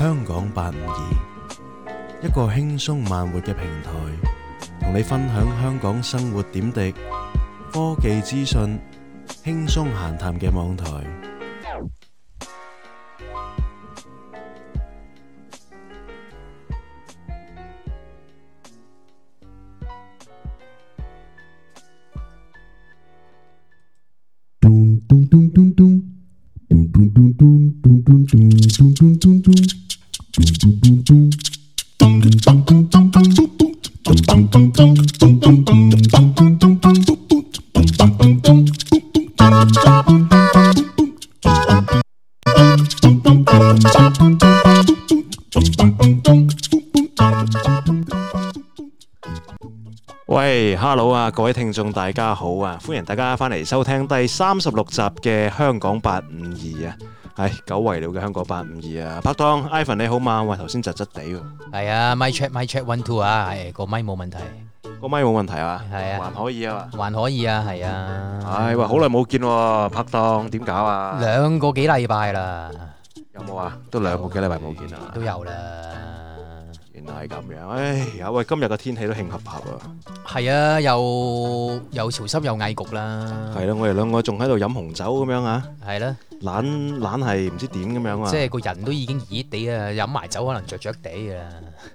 香港八五二，一個輕鬆慢活嘅平台，同你分享香港生活點滴、科技資訊、輕鬆閒談嘅網台。聽眾大家好啊，歡迎大家翻嚟收聽第三十六集嘅香港八五二啊，係久違了嘅香港八五二啊，拍檔 Ivan 你好嘛？喂，頭先窒窒地喎。係啊，mic check mic check one two 啊，係個 mic 冇問題，個 mic 冇問題啊？係啊，還可以啊？還可以啊？係啊。哎，喂，好耐冇見喎，拍檔，點搞啊？兩個幾禮拜啦。有冇啊？都兩個幾禮拜冇見啦。都有啦。係咁樣，哎呀喂！今日嘅天氣都慶合合啊，係啊，又又潮濕又翳焗啦，係啦，我哋兩個仲喺度飲紅酒咁樣啊，係啦，懶懶係唔知點咁樣啊，即係個人都已經熱熱地啊，飲埋酒可能着着地啊，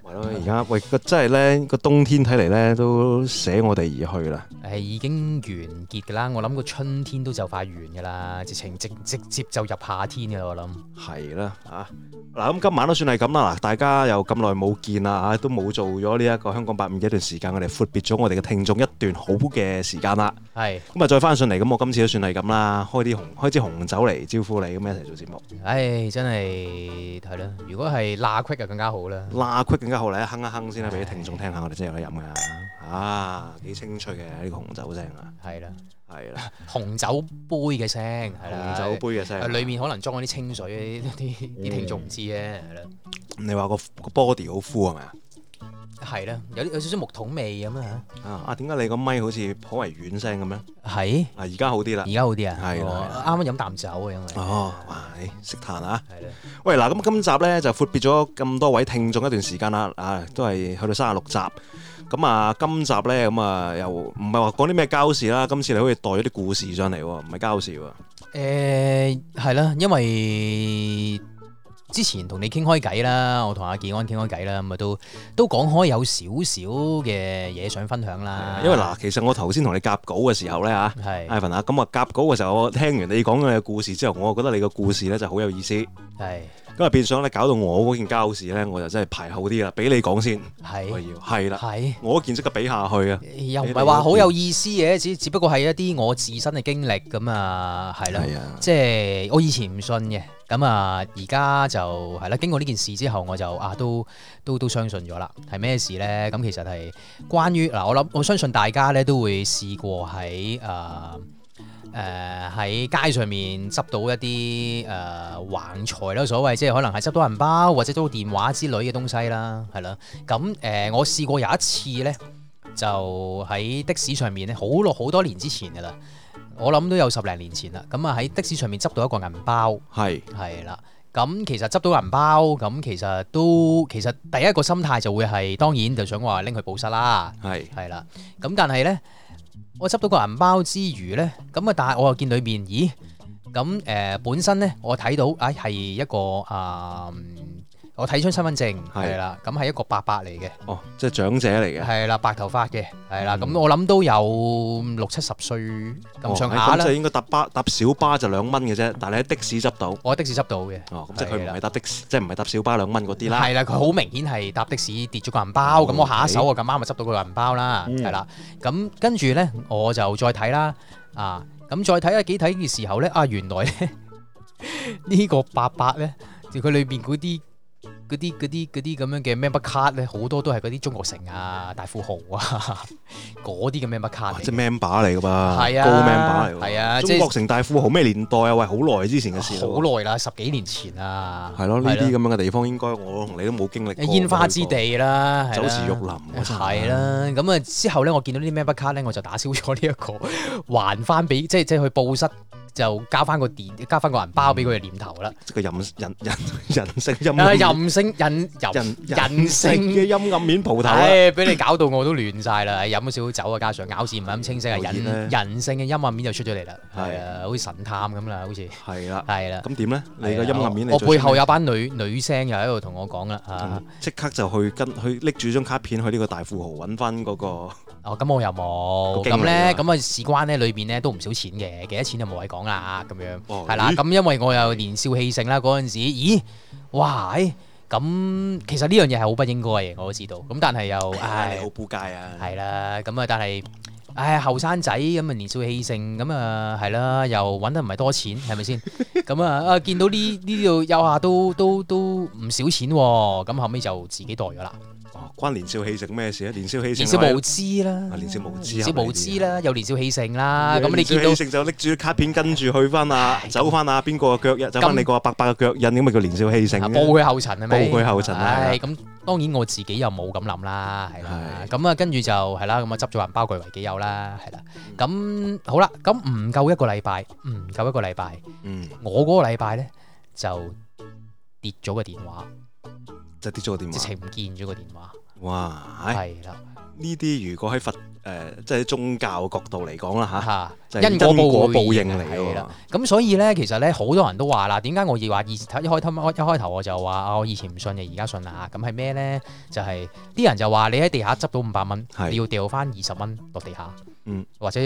係咯，而家喂個真係咧個冬天睇嚟，咧都捨我哋而去啦，誒，已經完結噶啦，我諗個春天都就快完噶啦，直情直直接就入夏天噶啦，我諗，係啦，吓嗱咁今晚都算係咁啦，嗱，大家又咁耐冇見。啊！都冇做咗呢一個香講852嘅一段時間，我哋闊別咗我哋嘅聽眾一段好嘅時間啦。係咁啊，再翻上嚟咁，我今次都算係咁啦，開啲紅開支紅酒嚟招呼你，咁一齊做節目。唉、哎，真係係啦，如果係拉 que 就更加好啦，拉 que 更加好啦，哼一哼先啦，俾啲聽眾聽下，哎、我哋真係有得飲㗎。啊，幾清脆嘅呢個紅酒聲啊！係啦，係啦，紅酒杯嘅聲，紅酒杯嘅聲，誒，裏面可能裝嗰啲清水，啲啲聽眾唔知嘅，係啦。你話個個 body 好 full 係咪啊？係啦，有有少少木桶味咁啊啊啊，點解你個咪好似頗為軟聲嘅咩？係啊，而家好啲啦，而家好啲啊，係啦，啱啱飲啖酒啊，因為哦，哇，識彈啊，係啦。喂嗱，咁今集咧就闊別咗咁多位聽眾一段時間啦，啊，都係去到三十六集。咁啊，今集咧，咁啊，又唔係話講啲咩交事啦。今次你好似帶咗啲故事上嚟，唔係交事喎。誒，係啦，因為之前同你傾開偈啦，我同阿技安傾開偈啦，咁啊都都講開有少少嘅嘢想分享啦。因為嗱，其實我頭先同你夾稿嘅時候咧，吓，艾文啊，咁啊夾稿嘅時候，我聽完你講嘅故事之後，我啊覺得你個故事咧就好有意思。係。今日變相咧搞到我嗰件家事咧，我就真係排好啲啦。俾你講先，係是、啊，係啦，是啊、我件即刻俾下去啊，又唔係話好有意思嘅，只只不過係一啲我自身嘅經歷咁啊，係啦，即係我以前唔信嘅，咁啊，而家就係啦、啊，經過呢件事之後，我就啊都都都相信咗啦。係咩事咧？咁其實係關於嗱、啊，我諗我相信大家咧都會試過喺啊。誒喺、呃、街上面執到一啲誒、呃、橫財啦，所謂即係可能係執到銀包或者執到電話之類嘅東西啦，係咯。咁誒、呃，我試過有一次呢，就喺的士上面咧，好耐好多年之前噶啦，我諗都有十零年前啦。咁啊喺的士上面執到一個銀包，係係是啦。咁其實執到銀包，咁其實都其實第一個心態就會係當然就想話拎去報失啦，係係是啦。咁但係呢。我執到個銀包之餘呢，咁啊，但係我又見裏面，咦？咁誒、呃，本身呢，我睇到啊，係、哎、一個啊。呃我睇出身份證，係啦，咁係一個伯伯嚟嘅，哦，即係長者嚟嘅，係啦，白頭髮嘅，係啦，咁我諗都有六七十歲咁上下啦。咁就應該搭巴搭小巴就兩蚊嘅啫，但係你喺的士執到，我喺的士執到嘅，哦，即係佢唔係搭的士，即係唔係搭小巴兩蚊嗰啲啦。係啦，佢好明顯係搭的士跌咗個銀包，咁我下一手我咁啱咪執到個銀包啦，係啦，咁跟住咧我就再睇啦，啊，咁再睇下幾睇嘅時候咧，啊，原來咧呢個伯伯咧，佢裏邊嗰啲。嗰啲啲啲咁樣嘅 member card 咧，好多都係嗰啲中國城啊、大富豪啊嗰啲嘅 member card 即 member 嚟嘅噃，係啊，係係高 member 嚟嘅，係啊，啊中國城大富豪咩年代啊？喂，好耐之前嘅事喎，好耐啦，十幾年前啊，係咯，呢啲咁樣嘅地方應該我同你都冇經歷過，啊，煙花之地啦，啊、走時玉林啊，係啦，啊，咁啊之後咧，我見到 card 呢啲 member card 咧，我就打消咗呢一個，還翻俾即即去報失。就交翻個電，交翻個銀包俾佢嘅念頭啦。個人人人人性，人性引引人性嘅陰暗面鋪頭啦。俾你搞到我都亂曬啦，飲咗少酒啊，加上咬字唔係咁清晰啊，人人性嘅陰暗面就出咗嚟啦。係啊，好似神探咁啦，好似係啦，係啦。咁點咧？你個陰暗面我背後有班女女聲又喺度同我講啦，嚇！即刻就去跟去拎住張卡片去呢個大富豪揾翻嗰個。哦，咁我又冇，咁咧、啊，咁啊事關咧裏邊咧都唔少錢嘅，幾多錢就冇謂講啦，咁樣，係啦，咁因為我又年少氣盛啦，嗰陣時，咦，哇，咁其實呢樣嘢係好不應該，我知道，咁但係又、哎、呀唉，好撲街啊，係啦，咁啊，但係。唉，後生仔咁啊，年少氣盛咁啊，係啦，又揾得唔係多錢，係咪先？咁啊啊，見到呢呢度有下都都都唔少錢喎，咁後尾就自己袋咗啦。關年少氣盛咩事啊？年少氣盛年少無知啦，年少無知，年少無知啦，有年少氣盛啦。咁你年少氣盛就拎住卡片跟住去翻啊，走翻啊邊個腳印？走翻你個白白嘅腳印咁咪叫年少氣盛。報佢後塵啊嘛，報佢後塵啦。咁當然我自己又冇咁諗啦，係啦。咁啊，跟住就係啦，咁啊執咗銀包據為己有啦。啊，係啦，咁好啦，咁唔夠一個禮拜，唔夠一個禮拜，嗯，我嗰個禮拜咧就跌咗個電話，就跌咗個電話，直情唔見咗個電話，哇，係啦的，呢啲如果喺佛誒，即係宗教角度嚟講啦，嚇的，因果報應嚟㗎嘛。咁所以咧，其實咧，好多人都話啦，點解我以話以前一開頭一開頭我就話、哦、我以前唔信嘅，而家信啦。咁係咩咧？就係、是、啲人就話你喺地下執到五百蚊，你的要掉翻二十蚊落地下，嗯、或者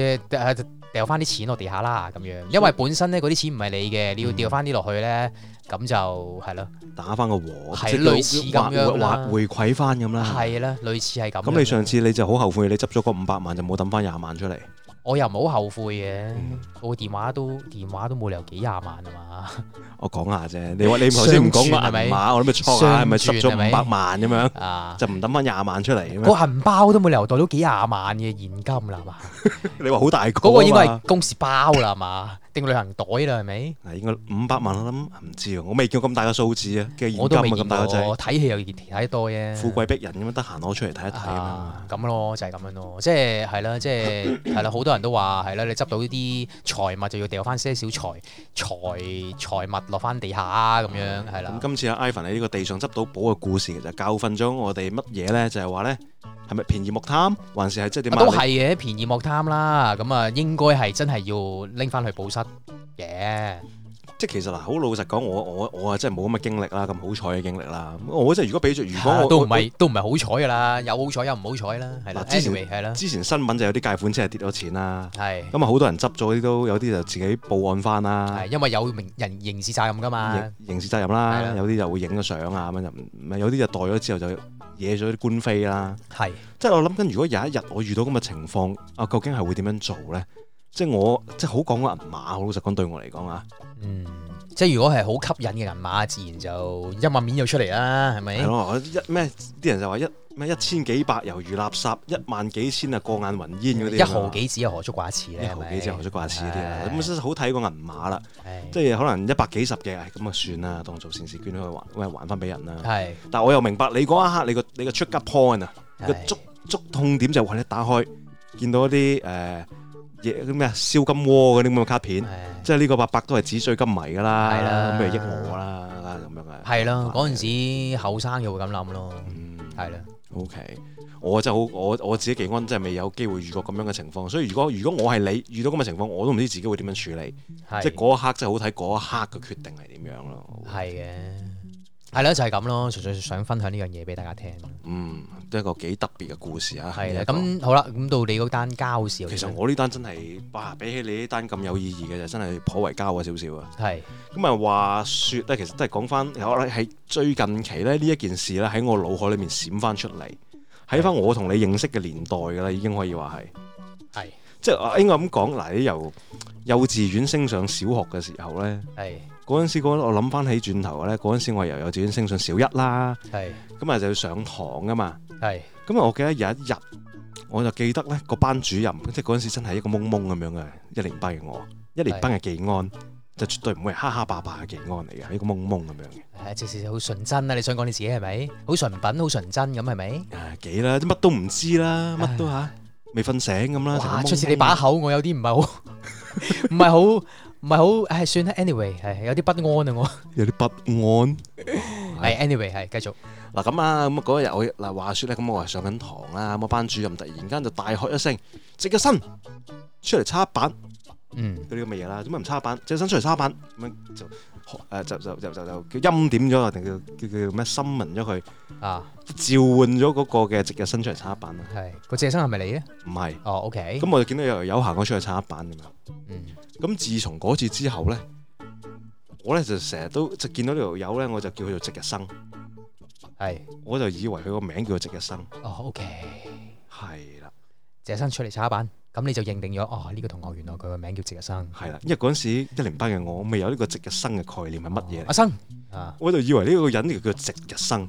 掉翻啲錢落地下啦咁樣。因為本身咧嗰啲錢唔係你嘅，你要掉翻啲落去咧。嗯。咁就係咯，打翻個和，即類似咁樣回饋翻咁啦，係啦，類似係咁。咁你上次你就好後悔，你執咗個五百萬就冇抌翻廿萬出嚟。我又唔好後悔嘅，我電話都電話都冇留幾廿萬啊嘛。我講下啫，你話你頭先唔講密碼，我諗咪錯啊？係咪執咗五百萬咁樣？就唔抌翻廿萬出嚟。個銀包都冇留袋到幾廿萬嘅現金啦嘛。你話好大個，嗰個應該係公事包啦嘛。定旅行袋啦，係咪？嗱，應該五百萬，我諗唔知啊，我未見過咁大嘅數字啊，嘅現金啊咁大個掣。我睇戲又睇多嘢。富貴逼人咁樣啊，得閒攞出嚟睇一睇啊。咁咯，就係、是、咁樣咯，即係係啦，即係係 啦，好多人都話係啦，你執到呢啲財物就要掉翻些少財財財物落翻地下啊，咁樣係啦。咁、嗯、今次阿 Ivan 喺呢個地上執到寶嘅故事，其實教訓咗我哋乜嘢咧？就係話咧。係咪便宜莫貪，還是係即係點啊？都係嘅，便宜莫貪啦。咁、嗯、啊，應該係真係要拎翻去保濕嘅。Yeah. 即係其實嗱，好老實講，我我我啊，真係冇咁嘅經歷啦，咁好彩嘅經歷啦。我真係如果比著，如果我都唔係都唔係好彩㗎啦，有好彩有唔好彩啦，係啦。Anyway, 之前係啦，之前新聞就有啲解款車係跌咗錢啦，係咁啊，好多人執咗啲，都有啲就自己報案返啦。因為有明人刑事責任㗎嘛，刑，刑事責任啦的，有啲就會影個相啊咁樣，唔咪有啲就袋咗之後就惹咗啲官非啦。係的即係我諗緊，如果有一日我遇到咁嘅情況，啊，究竟係會點樣做咧？即係我即係好講個銀碼，好老實講對我嚟講啊。嗯，即係如果係好吸引嘅銀碼，自然就一萬面就出嚟啦，係咪？係咯，一咩啲人就話一咩一千幾百猶如垃圾，一萬幾千啊過眼雲煙嗰啲。一毫幾子又何足掛齒咧？一毫幾子何足掛齒啲？咁好睇個銀碼啦，馬的即係可能一百幾十嘅，咁啊算啦，當做善事捐咗去還，咁啊還翻俾人啦。係的，的但我又明白你嗰一刻，你個你個 trigger point 啊的，個觸觸痛點就係、是、你打開見到一啲誒。呃嘢啲咩？燒金鍋嗰啲咁嘅卡片，的即係呢個八伯都係紙醉金迷噶啦，咁咪益我啦咁樣啊！係的的咯，嗰陣時後生嘅會咁諗咯，係啦的。O、okay, K，我真係好就我我自己幾安，真係未有機會遇過咁樣嘅情況，所以如果如果我係你遇到咁嘅情況，我都唔知自己會點樣處理，的即係嗰一刻真係好睇嗰一刻嘅決定係點樣咯。係嘅，係咯，就係、是、咁咯，純粹想分享呢樣嘢俾大家聽。嗯。都係一個幾特別嘅故事啊！係啦，咁好啦，咁到你嗰單交少。其實我呢單真係哇，比起你呢單咁有意義嘅，就真係頗為交咗少少啊！係咁啊，話説咧，其實都係講翻，可能係最近期咧呢一件事咧，喺我腦海裡面閃翻出嚟，喺翻我同你認識嘅年代噶啦，已經可以話係係，即係應該咁講嗱，你由幼稚園升上小學嘅時候咧，係嗰陣時，我我諗翻起轉頭咧，嗰陣時我由幼稚園升上小一啦，係咁啊，就要上堂噶嘛。係，咁啊！我記得有一日，我就記得咧，個班主任，即係嗰陣時真係一個懵懵咁樣嘅一年班嘅我，一年班嘅技安就絕對唔會係哈哈霸霸嘅技安嚟嘅，係一個懵懵咁樣嘅。誒，直直好純真啊！你想講你自己係咪？好純品，好純真咁係咪？誒，幾啦？啲乜都唔知啦，乜都吓，未瞓醒咁啦。啊，出事你把口，我有啲唔係好，唔係好，唔係好誒，算啦，anyway，係有啲不安啊，我有啲不安。係，anyway 係繼續。嗱咁啊，咁嗰日我嗱話說咧，咁我係上緊堂啦，咁啊班主任突然間就大喝一聲，值日生出嚟擦板，嗯，嗰啲咁嘅嘢啦，點解唔擦板？值日生出嚟擦板，咁樣就誒就就就就就,就,就叫欽點咗，定叫叫叫咩？summon 咗佢啊，召喚咗嗰個嘅值日生出嚟擦板咯。係，個值日生係咪你咧？唔係是。哦，OK。咁我就見到有有行過出去擦板咁樣。嗯。咁、嗯、自從嗰次之後咧。我咧就成日都就見到呢條友咧，我就叫佢做值日生。係是，我就以為佢個名叫做值日生。哦，OK，係啦。值的生出嚟查下板，咁你就認定咗哦？呢、這個同學原來佢個名叫值日生。係啦，因為嗰陣時一年班嘅我未有呢個值日生嘅概念係乜嘢。阿生，啊，我就以為呢個人叫佢值日生。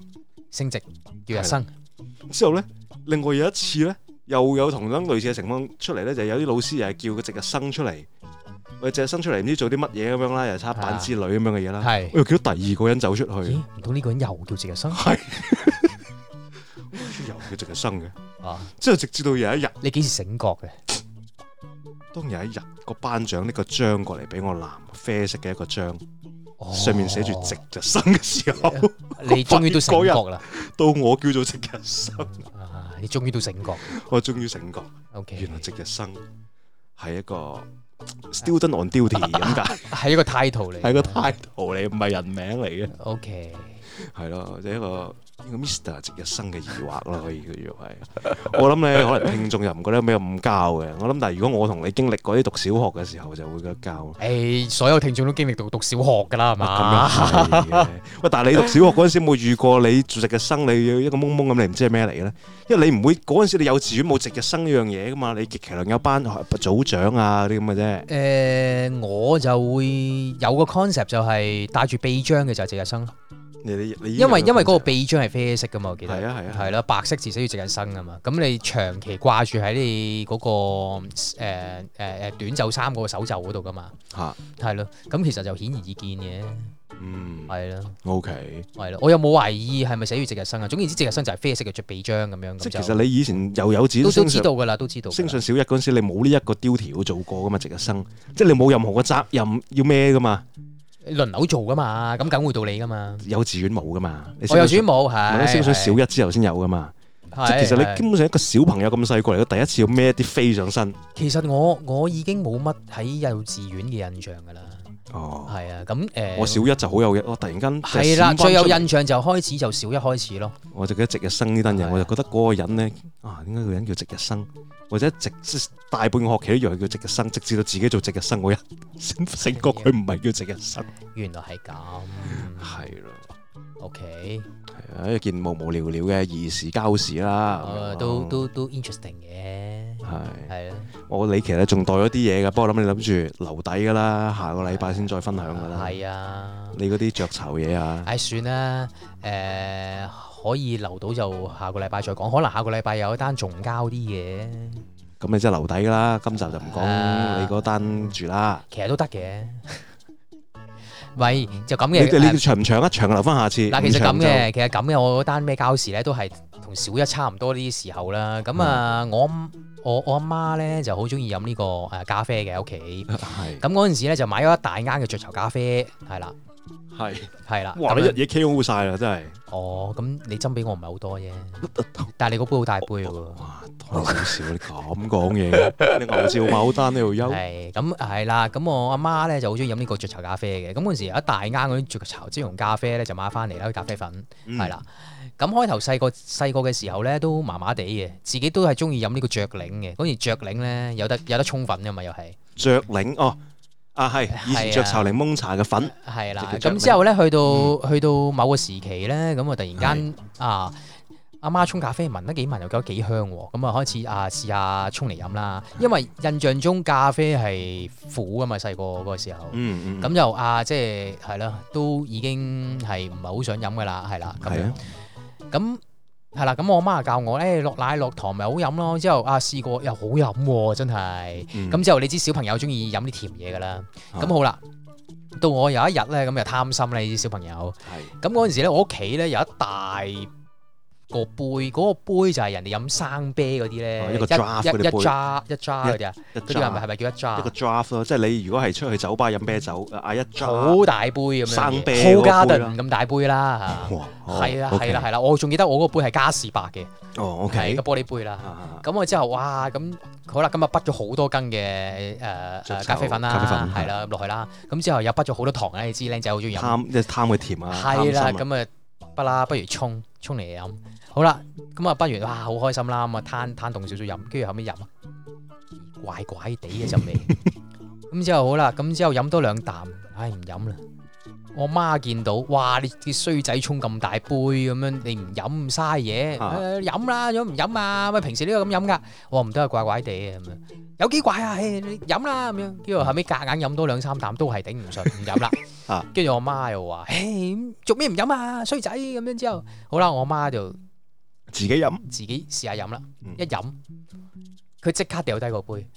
姓值叫日生。之後咧，另外有一次咧，又有同樣類似嘅情況出嚟咧，就是、有啲老師又係叫佢值日生出嚟。喂，淨係生出嚟唔知做啲乜嘢咁樣啦，又係插板之類咁樣嘅嘢啦，啊、我又叫到第二個人走出去。唔通，呢個人又叫值日生？係是的 又叫值日生嘅啊！之後，直至到有一日，你幾時醒覺嘅？當有一日，個班長拎個章過嚟俾我藍，藍啡色嘅一個章，哦、上面寫住值日生嘅時候，你終於都醒覺啦！ 到我叫做值日生，啊、你終於都醒覺，我終於醒覺。O Okay K，原來值日生係一個。Student on duty 咁㗎，係一個態度嚟，係個態度嚟，唔係人名嚟嘅。O K，係咯，即係一個。呢個 Mister 係值日生嘅疑惑咯，可以叫做係。我諗咧，可能聽眾又唔覺得有咩咁交嘅。我諗，但係如果我同你經歷過啲讀小學嘅時候，就會覺得交。誒，所有聽眾都經歷到讀小學㗎啦，係嘛？喂，但係你讀小學嗰陣時，有冇遇過你值日生你要一個懵懵咁，你唔知係咩嚟嘅咧？因為你唔會嗰陣時，你幼稚園冇值日生呢樣嘢㗎嘛。你極其量有班組長啊嗰啲咁嘅啫。誒，我就會有個 concept 就係戴住臂章嘅就係值日生。因為因為個臂章係啡色噶嘛，我記得係啊係啊，係啦，白色字寫住值日生噶嘛，咁你長期掛住喺你嗰個誒誒誒短袖衫嗰個手袖嗰度噶嘛吓，係咯，咁其實就顯而易見嘅，嗯係啦，O K 係啦，我有冇懷疑係咪寫住值日生啊？總言之，值日生就係啡色嘅，着臂章咁樣。即係其實你以前又有字都知道噶啦，都知道。升上小一嗰陣時，你冇呢一個 duty 做過噶嘛，值日生，即係你冇任何嘅責任要咩噶嘛。輪流做噶嘛，咁梗會到你噶嘛。幼稚園冇噶嘛，我幼稚園冇，係，升上小一之後先有噶嘛。即係其實你基本上一個小朋友咁細過嚟，佢第一次要孭啲飛上身。其實我我已經冇乜喺幼稚園嘅印象噶啦。哦，係啊，咁、嗯、誒，我小一就好有嘢，我突然間係啦，最、啊、有印象就開始就小一開始咯。我就記得值日生呢單嘢，啊、我就覺得嗰個人咧啊，應該個人叫值日生，或者值、就是、大半個學期一樣佢叫值日生，直至到自己做值日生我一醒醒覺佢唔係叫值日生。我一 叫日生原來係咁，係咯、啊、OK，係啊，一件無無聊聊嘅兒時舊事啦，嗯、都都都 interesting 嘅。係，我你其實仲帶咗啲嘢噶，不過諗你諗住留底噶啦，下個禮拜先再分享噶啦。係的啊，你嗰啲着籌嘢啊，哎算啦，誒、呃、可以留到就下個禮拜再講，可能下個禮拜有一單仲交啲嘢。咁你即係留底噶啦，今集就唔講你嗰單住啦。其實都得嘅，喂 就咁嘅，你你長唔長啊？長留翻下次。嗱其實咁嘅，其實咁嘅我嗰單咩交時咧都係同小一差唔多呢啲時候啦。咁啊我。我我阿媽咧就好中意飲呢個誒、呃、咖啡嘅喺屋企，咁嗰陣時咧就買咗一大盎嘅雀巢咖啡，係啦，係係是啦，哇！日嘢傾好晒啦，真係哇。哦，咁你斟俾我唔係好多啫， 但係你個杯好大杯喎。哇！好笑，你咁講嘢， 你笑少牡丹呢度腰。係咁係啦，咁我阿媽咧就好中意飲呢個雀巢咖啡嘅，咁嗰陣時有一大盎嗰啲雀巢即溶咖啡咧就買翻嚟啦，咖啡粉係、嗯、啦。咁開頭細個細個嘅時候咧，都麻麻地嘅，自己都係中意飲呢個雀檸嘅。嗰時雀檸咧有得有得沖粉噶嘛，又係雀檸哦啊，係以前雀巢檸檬茶嘅粉，係啦、啊。咁之後咧，去到去到某個時期咧，咁啊突然間啊，阿、啊、媽，媽沖咖啡聞得幾聞又覺得幾香喎，咁、嗯、啊、嗯、開始啊試下沖嚟飲啦。因為印象中咖啡係苦噶嘛，細個嗰時候，咁、嗯嗯、就啊即係係啦，都已經係唔係好想飲噶啦，係啦，咁樣。嗯咁係啦，咁我媽又教我咧落、欸、奶落糖咪好飲咯，之後啊試過又好飲喎，真係。咁、嗯、之後你知小朋友中意飲啲甜嘢噶啦，咁、啊、好啦。到我有一日咧，咁就貪心咧，啲小朋友。係是。咁嗰陣時咧，我屋企咧有一大。個杯，嗰個杯就係人哋飲生啤嗰啲咧，一一扎一揸，嘅啫，嗰啲係咪係咪叫一揸？一個 draft，即係你如果係出去酒吧飲啤酒，啊一扎好大杯咁樣，好加頓咁大杯啦，係啊係啦係啦，我仲記得我嗰杯係加士伯嘅，個玻璃杯啦。咁我之後，哇咁好啦，今日滗咗好多斤嘅誒咖啡粉啦，係啦落去啦。咁之後又滗咗好多糖啊，你知靚仔好中意飲，即係貪佢甜啊，係啦咁啊。不啦，不如沖沖嚟飲。好啦，咁啊，不如哇，好開心啦，咁啊，攤攤凍少少飲，跟住後尾飲，怪怪地嘅陣味。咁 之後好啦，咁之後飲多兩啖，唉唔飲啦。我媽見到，哇！你啲衰仔沖咁大杯咁樣你，你唔飲嘥嘢，飲、啊啊、啦，如果唔飲啊，喂，平時都要咁飲噶。我唔得啊，怪怪地啊咁啊。有幾怪啊！唉，你飲啦咁樣，之後後尾夾硬飲多兩三啖都係頂唔順，唔飲啦。啊！跟住我媽又話：唉，做咩唔飲啊？衰仔咁樣之後，好啦，我媽就自己飲，自己試下飲啦。一飲，佢即刻掉低個杯。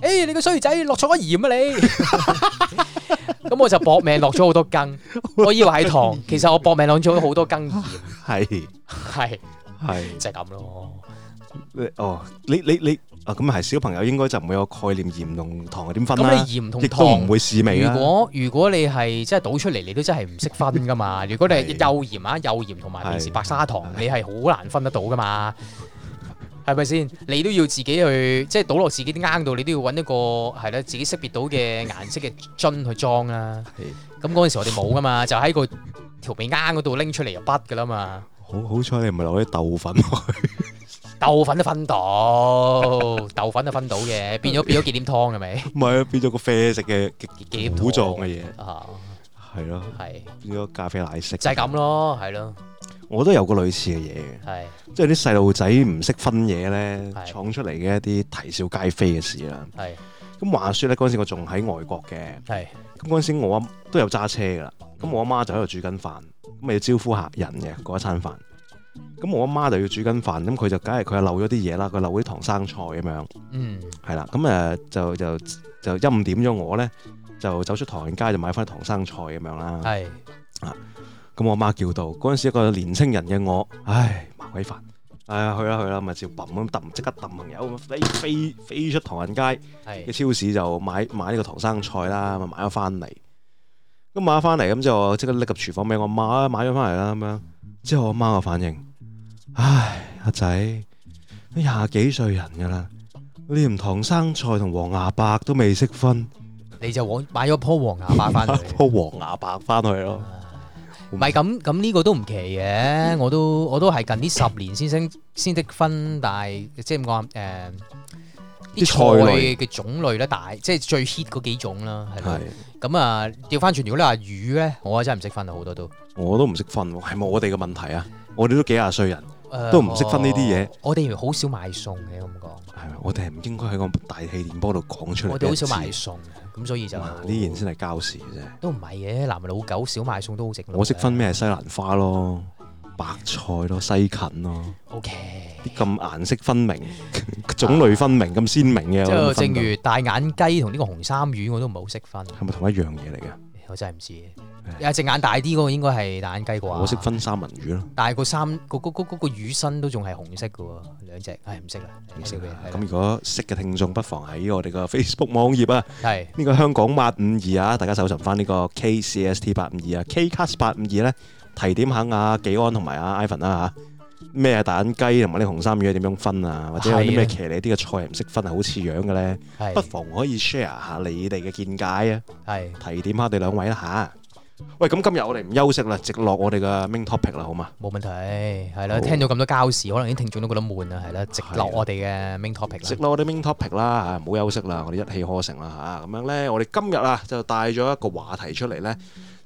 唉，你個衰仔落錯咗鹽啊！你咁我就搏命落咗好多羹，我以為係糖，其實我搏命落咗好多羹鹽。係係係，就係咁咯。你哦，你你你。啊，咁係小朋友應該就唔會有概念鹽同糖點分啦，亦都唔會試味啦。如果如果你係即係倒出嚟，你都真係唔識分噶嘛。如果你係幼鹽啊，幼鹽同埋平時白砂糖，你係好難分得到噶嘛。係咪先？你都要自己去即係倒落自己啲罌度，你都要揾一個係啦，自己識別到嘅顏色嘅樽去裝啦。咁嗰陣時我哋冇噶嘛，就喺個調味罌嗰度拎出嚟就筆噶啦嘛。好好彩你唔係攞啲豆粉落去。豆粉都分到， 豆粉都分到嘅，變咗 變咗忌廉湯係咪？唔係啊，變咗個啡色嘅忌忌廉糊狀嘅嘢，係咯，變咗咖啡奶色，就係咁咯，係咯。我都有個類似嘅嘢嘅，係即係啲細路仔唔識分嘢咧，的闖出嚟嘅一啲啼笑皆非嘅事啦。係咁的話説咧，嗰陣時我仲喺外國嘅，係咁嗰陣時我阿媽都有揸車㗎啦，咁我阿媽就喺度煮緊飯，咁要招呼客人嘅嗰一餐飯。咁我阿媽就要煮緊飯，咁佢就梗係佢係漏咗啲嘢啦，佢漏啲唐生菜咁樣、嗯，嗯，係啦，咁誒就就就欽點咗我咧，就走出唐人街就買翻唐生菜咁樣啦，係是的、嗯，啊、嗯，咁我阿媽叫到嗰陣時一個年青人嘅我，唉，麻鬼煩，係啊，去啦去啦，咪照嘭咁掟，即刻掟朋友咁飛飛，飛出唐人街，嘅是的 超市就買買呢個唐生菜啦，咪買咗翻嚟，咁買咗翻嚟咁就即刻拎入廚房俾我阿媽啊，買咗翻嚟啦咁樣。即係我阿媽個反應，唉，阿仔，都廿幾歲人噶啦，你連唐生菜同黃牙白都未識分，你就往買咗棵黃牙白翻去，棵黃牙白翻去咯，唔係，咁咁呢個都唔奇嘅，我都我都係近呢十年先升先識分，但係即係點講誒？呃啲菜嘅種類咧，大即係最 hit 嗰幾種啦，係咪？咁啊的，調翻轉如果你話魚咧，我真係唔識分好多都。我都唔識分喎，係咪我哋嘅問題啊？嗯、我哋都幾廿歲人，呃、都唔識分呢啲嘢。我哋好少買餸嘅咁講。係咪？吧我哋係唔應該喺個大氣電波度講出嚟。我哋好少買餸，咁所以就呢件先係交時嘅啫。都唔係嘅，男老狗少買餸都好食。我識分咩西蘭花咯。白菜咯，西芹咯，OK，咁顏色分明，種類分明，咁鮮明嘅。即係正如大眼雞同呢個紅衫魚，我都唔係好識分。係咪同一樣嘢嚟嘅？我真係唔知，有隻眼大啲嗰個應該係大眼雞啩。我識分三文魚咯。但係個三個嗰嗰嗰個魚身都仲係紅色嘅喎，兩隻係唔識啦，唔識嘅。咁如果識嘅聽眾，不妨喺我哋嘅 Facebook 網頁啊，係呢個香港八五二啊，大家搜尋翻呢個 KCST 八五二啊，KCast 八五二咧。提點下阿技安同埋阿 Ivan 啦嚇，咩大眼雞，同埋啲紅衫魚點樣分啊？或者有啲咩騎呢啲嘅菜唔識分，係好似樣嘅咧？的不妨可以 share 下你哋嘅見解啊！係的提點下我哋兩位啦吓、啊，喂，咁今日我哋唔休息啦，直落我哋嘅 main topic 啦，好嘛？冇問題，係啦。哦、聽咗咁多交視，可能已經啲聽眾都覺得悶啊，係啦。直落我哋嘅 main topic。直落我哋 main topic 啦，唔好休息啦，我哋一氣呵成啦吓，咁、啊、樣咧，我哋今日啊，就帶咗一個話題出嚟咧。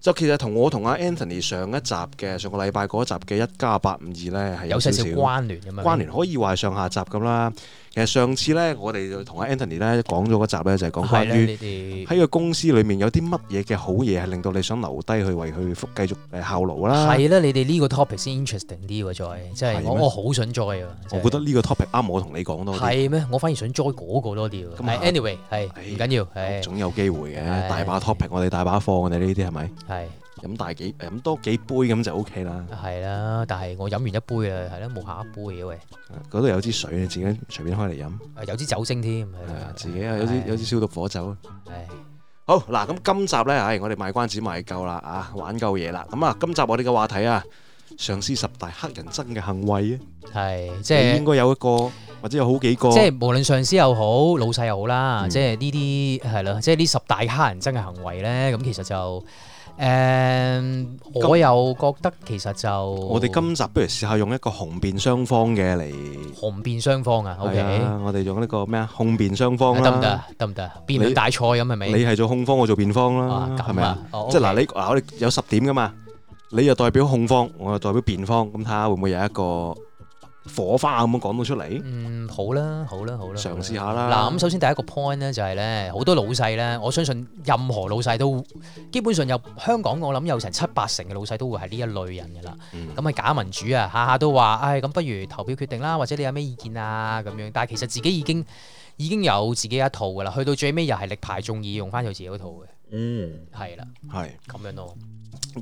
就其實同我同阿 Anthony 上一集嘅上個禮拜嗰集嘅一家八五二咧，係有少少關聯咁樣，關聯可以話係上下集咁啦。其實上次咧，我哋就同阿 Anthony 咧講咗嗰集咧，就係講關於喺個公司裏面有啲乜嘢嘅好嘢係令到你想留低去為佢繼續誒效勞啦。係啦，你哋呢個 topic 先 interesting 啲喎，再即係我我好想 join。就係、我覺得呢個 topic 啱我同你講多啲。係咩？我反而想 join 嗰個多啲。係，anyway 係唔緊要，係總有機會嘅。大把 topic，我哋大把貨，我哋呢啲係咪？係。的飲大幾飲多幾杯咁就 O K 啦，係啦、啊，但係我飲完一杯啦，係咯、啊，冇下一杯嘅喂。嗰度、啊、有支水，你自己隨便開嚟飲，有支酒精添，啊啊啊、自己有支、啊、有支消毒火酒。唉、啊，好嗱，咁今集咧，唉、哎，我哋賣關子賣夠啦，啊，玩夠嘢啦，咁啊，今集我哋嘅話題啊，上司十大乞人憎嘅行為啊，係即係應該有一個或者有好幾個，即係無論上司又好老細又好啦，嗯、即係呢啲係啦，即係呢十大乞人憎嘅行為咧，咁其實就。誒，我又覺得其實就我哋今集不如試下用一個控辯雙方嘅嚟，控辯雙方啊，OK 啊，我哋用呢個咩啊，控辯雙方啦，得唔得啊？得唔得啊？辯論大賽咁係咪？你係做控方，我做辯方囉，係咪啊？即係嗱，你嗱，你有十點㗎嘛？你又代表控方，我又代表辯方，咁睇下會唔會有一個。火花咁樣講到出嚟，嗯，好啦，好啦，好啦，好嘗試下啦。嗱，咁首先第一個 point 咧就係、是、咧，好多老細咧，我相信任何老細都基本上有香港，我諗有成七八成嘅老細都會係呢一類人嘅啦。咁係、嗯、假民主啊，下下都話，唉、哎，咁不如投票決定啦，或者你有咩意見啊咁樣。但係其實自己已經已經有自己一套嘅啦。去到最尾又係力排眾議，用翻佢自己嗰套嘅。嗯，係啦的，係咁是樣咯。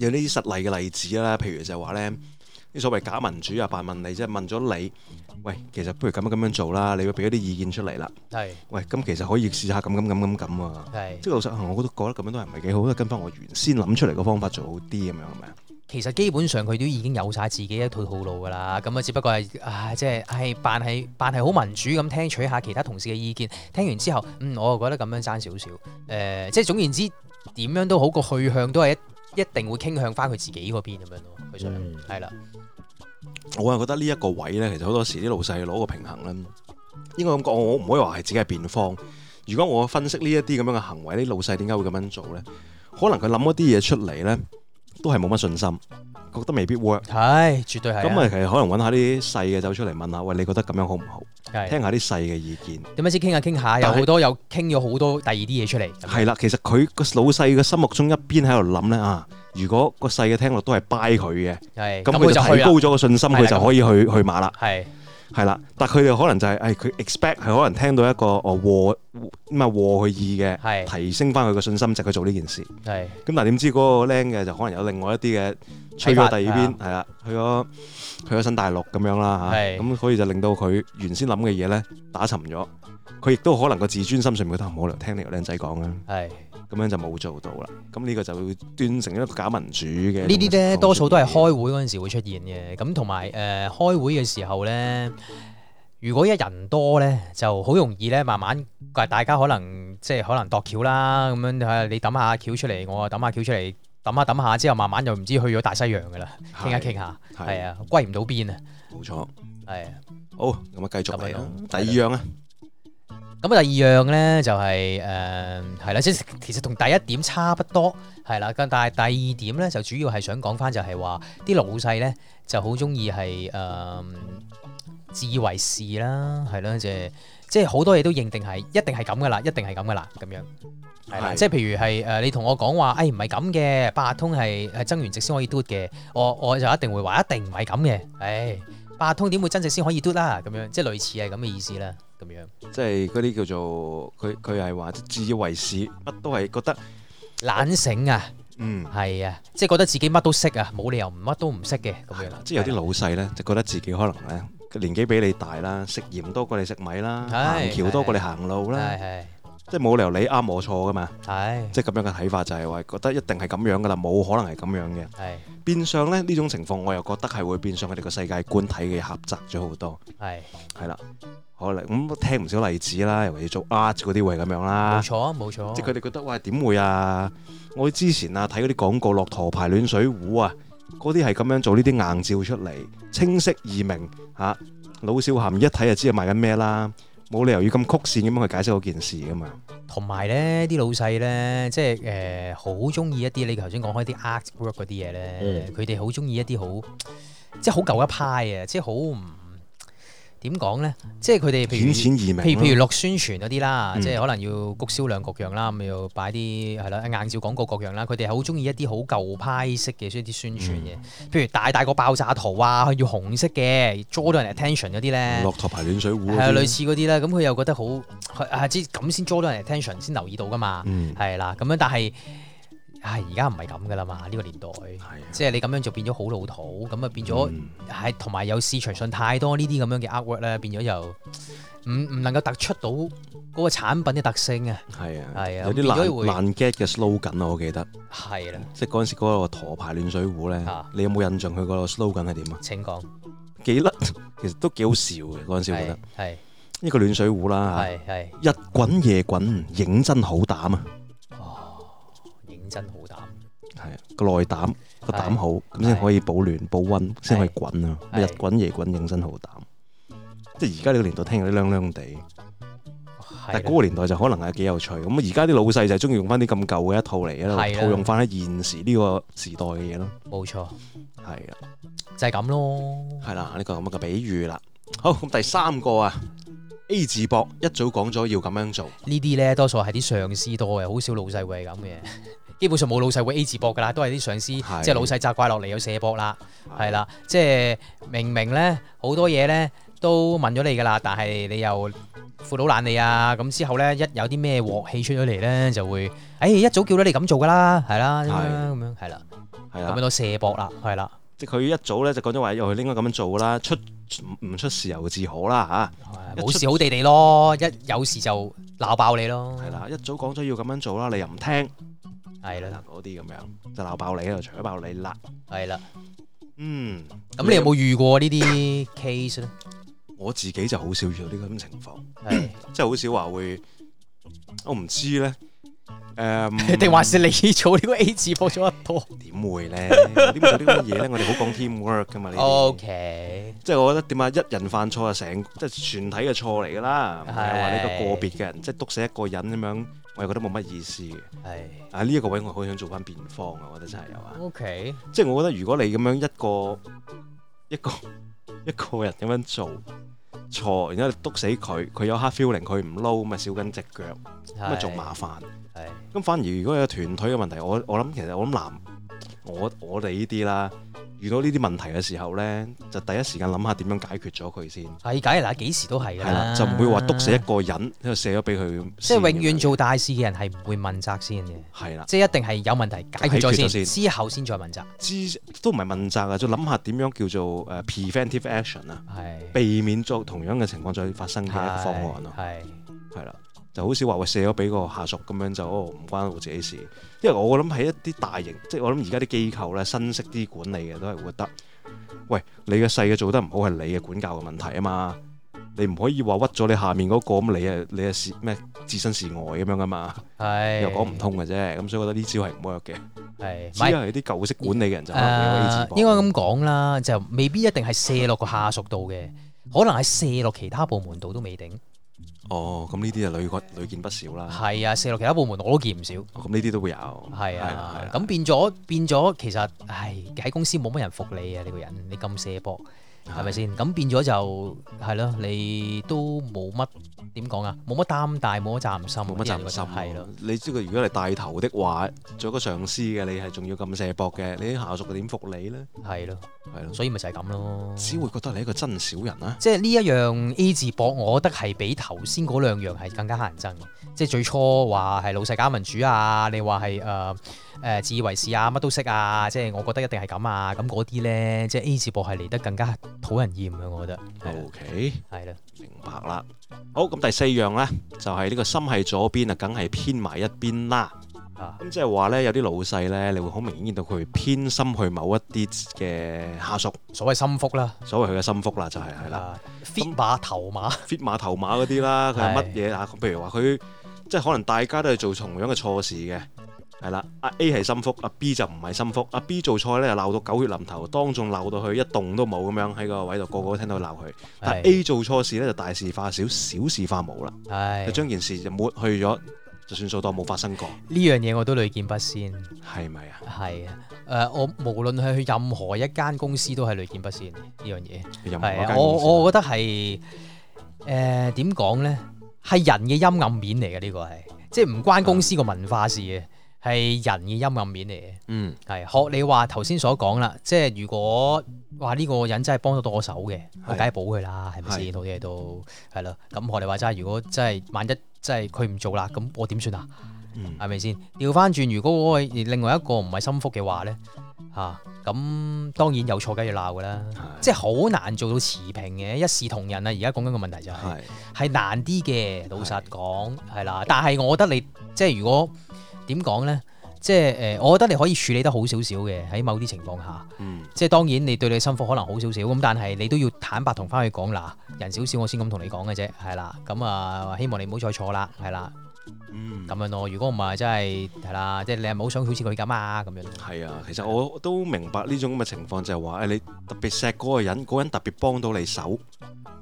有呢啲實例嘅例子啦，譬如就係話咧。啲所謂假民主啊，扮問你即係，問咗你，喂，其實不如咁樣咁樣做啦，你會俾一啲意見出嚟啦。係是，喂，咁其實可以試下咁咁咁咁咁喎。係，啊、是即係老實行，我我都覺得咁樣都係唔係幾好，跟翻我原先諗出嚟個方法做好啲咁樣係咪啊？是是其實基本上佢都已經有晒自己一套套路㗎啦，咁啊，只不過係啊，即係係扮係扮係好民主咁聽取下其他同事嘅意見，聽完之後，嗯，我又覺得咁樣爭少少，誒、呃，即係總言之，點樣都好，個去向都係一一定會傾向翻佢自己嗰邊咁樣咯，佢想係啦。嗯嗯嗯。我啊覺得呢一個位咧，其實好多時啲老細攞個平衡咧，應該咁講，我唔可以話係自己係辯方。如果我分析呢一啲咁樣嘅行為，啲老細點解會咁樣做咧？可能佢諗一啲嘢出嚟咧，都係冇乜信心，覺得未必 work。係、哎，絕對係。咁啊，其實可能揾下啲細嘅走出嚟問下，喂，你覺得咁樣好唔好？的聽下啲細嘅意見。點樣先？傾下傾下，有好多，是有傾咗好多第二啲嘢出嚟。係啦的，的其實佢個老細嘅心目中一邊喺度諗咧啊。如果個細嘅聽落都係 buy 佢嘅，咁佢就提高咗個信心，佢就可以去去馬啦。係係啦，但佢哋可能就係、是，誒佢 expect 佢可能聽到一個哦和咁和嘅意嘅，提升翻佢個信心值的去做呢件事。係咁的，但係點知嗰個僆嘅就可能有另外一啲嘅吹咗第二邊，係啦，去咗去咗新大陸咁樣啦嚇，咁所的以就令到佢原先諗嘅嘢咧打沉咗。佢亦都可能個自尊心上面覺得唔好聽呢個靚仔講啦，係咁是的 樣就冇做到啦。咁呢個就會斷成一個假民主嘅。呢啲咧多數都係開會嗰陣時會出現嘅。咁同埋誒開會嘅時候咧，如果一人多咧，就好容易咧，慢慢大家可能即係、就是、可能度橋啦，咁樣你抌下橋出嚟，我啊抌下橋出嚟，抌下抌下之後，慢慢就唔知去咗大西洋噶啦，傾下傾下，係對 啊，歸唔到邊啊，冇錯，係啊，好咁啊，繼續第二樣啊。咁第二樣咧就係誒係啦，即、呃、係其實同第一點差不多係啦。咁但係第二點咧就主要係想講翻就係話啲老細咧就好中意係誒自以為是啦，係啦，即係即係好多嘢都認定係一定係咁噶啦，一定係咁噶啦咁樣係啦。是的 即係譬如係誒你同我講話，哎唔係咁嘅，八通係係增完值先可以嘟嘅。我我就一定會話，一定唔係咁嘅。哎，八通點會增值先可以嘟啦？咁樣即係類似係咁嘅意思啦。咁樣，即係嗰啲叫做佢佢係話自以為是，乜都係覺得懶醒啊，嗯，係啊，即係覺得自己乜都識啊，冇理由唔乜都唔識嘅咁樣啦。即係有啲老細咧，是的 就覺得自己可能咧年紀比你大啦，食鹽多過你食米啦，是的 行橋多過你行路啦，是的 即係冇理由你啱我錯噶嘛，係，即係咁樣嘅睇法就係話覺得一定係咁樣噶啦，冇可能係咁樣嘅，係是的 變相咧呢種情況，我又覺得係會變相佢哋個世界觀睇嘅狹窄咗好多，係係啦。的可能咁聽唔少例子啦，尤其做 art 嗰啲會係咁樣啦，冇錯啊，冇錯。錯即係佢哋覺得哇，點會啊？我之前啊睇嗰啲廣告，駱駝牌暖水壺啊，嗰啲係咁樣做呢啲硬照出嚟，清晰易明嚇、啊，老少咸一睇就知道賣緊咩啦，冇理由要咁曲線咁樣去解釋嗰件事噶嘛。同埋咧，啲老細咧，即係誒好中意一啲你頭先講開啲 art work 嗰啲嘢咧，佢哋好中意一啲好即係好舊一派啊，即係好。點講咧？即係佢哋譬如譬如落宣傳嗰啲啦，嗯、即係可能要谷銷量各樣啦，咁要擺啲係啦硬照廣告各樣啦。佢哋好中意一啲好舊派式嘅所以啲宣傳嘅，嗯、譬如大大個爆炸圖啊，要紅色嘅，draw 到人 attention 嗰啲咧。駱駝牌暖水壺係啊，類似嗰啲咧，咁佢、嗯、又覺得好、啊、即係咁先 draw 到人 attention 先留意到噶嘛，係啦、嗯，咁樣、嗯、但係。係而家唔係咁噶啦嘛，呢個年代，即係你咁樣就變咗好老土，咁啊變咗係同埋有市場上太多呢啲咁樣嘅 adwork 咧，變咗又唔唔能夠突出到嗰個產品嘅特性啊。係啊，係啊，有啲難難 get 嘅 slogan 啊，我記得。係啦，即係嗰陣時嗰個駝牌暖水壺咧，你有冇印象佢嗰個 slogan 係點啊？請講，幾粒，其實都幾好笑嘅，嗰陣時覺得。係。呢個暖水壺啦，係係日滾夜滾，認真好膽啊！真好膽，係啊！個內膽個膽好，咁先可以保暖保溫，先可以滾啊！日滾夜滾，認真好膽。即係而家呢個年代聽起有啲涼涼地，但係嗰個年代就可能係幾有趣。咁啊，而家啲老細就中意用翻啲咁舊嘅一套嚟一套用翻喺現時呢個時代嘅嘢咯。冇錯，係啊，就係咁咯。係啦，呢個咁嘅比喻啦。好，咁第三個啊，A 字博一早講咗要咁樣做。呢啲咧多數係啲上司多嘅，好少老細會係咁嘅。基本上冇老細會 A 字博噶啦，都係啲上司即係老細責怪落嚟有卸博啦，係啦，即係明明咧好多嘢咧都問咗你噶啦，但係你又負到爛你啊，咁之後咧一有啲咩鑊氣出咗嚟咧就會，誒一早叫咗你咁做噶啦，係啦，咁樣係啦，係啊咁樣都卸博啦，係啦，即係佢一早咧就講咗話，佢應該咁樣做啦，出唔出事由自可啦嚇，冇事好地地咯，一有事就鬧爆你咯，係啦，一早講咗要咁樣做啦，你又唔聽。係啦，嗰啲咁樣就鬧爆你啦，除咗爆你啦。係啦了，嗯，咁你有冇遇過呢啲 case 咧？我自己就好少遇到呢種情況，的即係好少話會，我唔知咧，誒、嗯，定還是，是你做呢個 A 字方咗一波？點會咧？點 做呢個嘢咧？我哋好講 teamwork 噶嘛？你。OK，Okay. 即係我覺得點啊？一人犯錯啊，成即係全體嘅錯嚟噶啦，唔係話你個個別嘅人，即係督死一個人咁樣。我又覺得冇乜意思嘅，係啊，呢一個位我好想做翻辯方啊，我覺得真係有啊，OK，即係我覺得如果你咁樣一個一個一個人咁樣做錯，然之後督死佢，佢有黑 feeling，佢唔撈，咪少緊隻腳，咁咪仲麻煩，係，咁反而如果有團隊嘅問題，我我諗其實我諗男。我我哋呢啲啦，遇到呢啲問題嘅時候咧，就第一時間諗下點樣解決咗佢先。係梗㗎，幾時都係啦，就唔會話篤死一個人，之後卸咗俾佢。即係永遠做大事嘅人係唔會問責先嘅。係啦了，即係一定係有問題解決咗先，之後先再問責。之都唔係問責啊，就諗下點樣叫做誒 preventive action 啊的，避免咗同樣嘅情況再發生嘅一個方案咯。係係啦，就好少話喂，卸咗俾個下屬咁樣就唔關我自己事。因為我諗喺一啲大型，即係我諗而家啲機構咧，新式啲管理嘅都係會覺得。喂，你嘅細嘅做得唔好係你嘅管教嘅問題啊嘛，你唔可以話屈咗你下面嗰、那個咁你啊你啊咩置身事外咁樣噶嘛，是又講唔通嘅啫。咁所以我覺得呢招係唔 work 嘅。係是，只係啲舊式管理嘅人、呃、就誒應該咁講啦，就未必一定係卸落個下屬度嘅，可能係卸落其他部門度都未定。哦，咁呢啲啊，屢個屢見不少啦。係啊，涉入其他部門我都見唔少。咁呢啲都會有。係啊，咁、啊啊、變咗變咗，其實係喺公司冇乜人服你啊！你個人你咁卸膊，係咪先？咁變咗就係咯、啊，你都冇乜。點講啊？冇乜擔大，冇乜責任心，冇乜責任心係咯。你知佢如果你帶頭的話，做個上司嘅，你係仲要咁卸膊嘅，你啲下屬點服你咧？係咯了，係咯了，所以咪就係咁咯。只會覺得你一個真小人啊。即係呢一樣 A 字膊，我覺得係比頭先嗰兩樣係更加乞人憎嘅。即係最初話係老世搞民主啊，你話係誒誒自以為是啊，乜都識啊，即係我覺得一定係咁啊，咁嗰啲咧，即係 A 字膊係嚟得更加討人厭嘅。我覺得。O K，係啦，明白啦。好，咁第四樣咧就係、是，呢個心喺左邊啊，梗係偏埋一邊啦。啊，咁即係話咧，有啲老細咧，你會好明顯見到佢偏心去某一啲嘅下屬，所謂心腹啦，所謂佢嘅心腹啦，就是，就係係啦，fit 馬頭馬，fit 馬頭馬嗰啲啦，佢係乜嘢啊？譬如話佢，即係可能大家都係做同樣嘅錯事嘅。係啦，阿 A 係心腹，阿 B 就唔係心腹。阿 B 做錯咧就鬧到狗血淋頭，當眾鬧到佢，一動都冇咁樣喺個位度，個個都聽到鬧佢。的但 A 做錯事咧就大事化小，小事化冇啦，的就將件事就抹去咗，就算數，當冇發生過。呢樣嘢我都屢見不鮮，係咪啊？係啊，誒，我無論係去任何一間公司都係屢見不鮮呢樣嘢。我我覺得係誒點講咧，係、呃、人嘅陰暗面嚟嘅，呢個係，即係唔關公司個文化事嘅。嗯係人嘅陰暗面嚟嘅、嗯，嗯，係學你話頭先所講啦，即係如果話呢、這個人真係幫得到我手嘅，我梗係保佢啦，係咪先？好啲嘢都係咯。咁學你話齋，如果真係萬一真係佢唔做啦，咁我點算啊？係咪先？調翻轉，如果我另外一個唔係心腹嘅話咧，吓、啊、咁當然有錯梗要鬧噶啦，即係好難做到持平嘅，一視同仁啊！而家講緊個問題就係係難啲嘅，老實講係啦。但係我覺得你即係如果。點講呢？即係誒、呃，我覺得你可以處理得好少少嘅，喺某啲情況下，嗯、即係當然你對你嘅心腹可能好少少咁，但係你都要坦白同翻佢講啦。人少少我先咁同你講嘅啫，係啦。咁、嗯、啊，嗯、希望你唔好再錯啦，係啦。咁樣咯，如果唔係真係係啦，即係你係咪好想好似佢咁啊？咁樣。係啊、就是，其實我都明白呢種咁嘅情況就係話，你特別錫嗰個人，嗰、個、人特別幫到你手，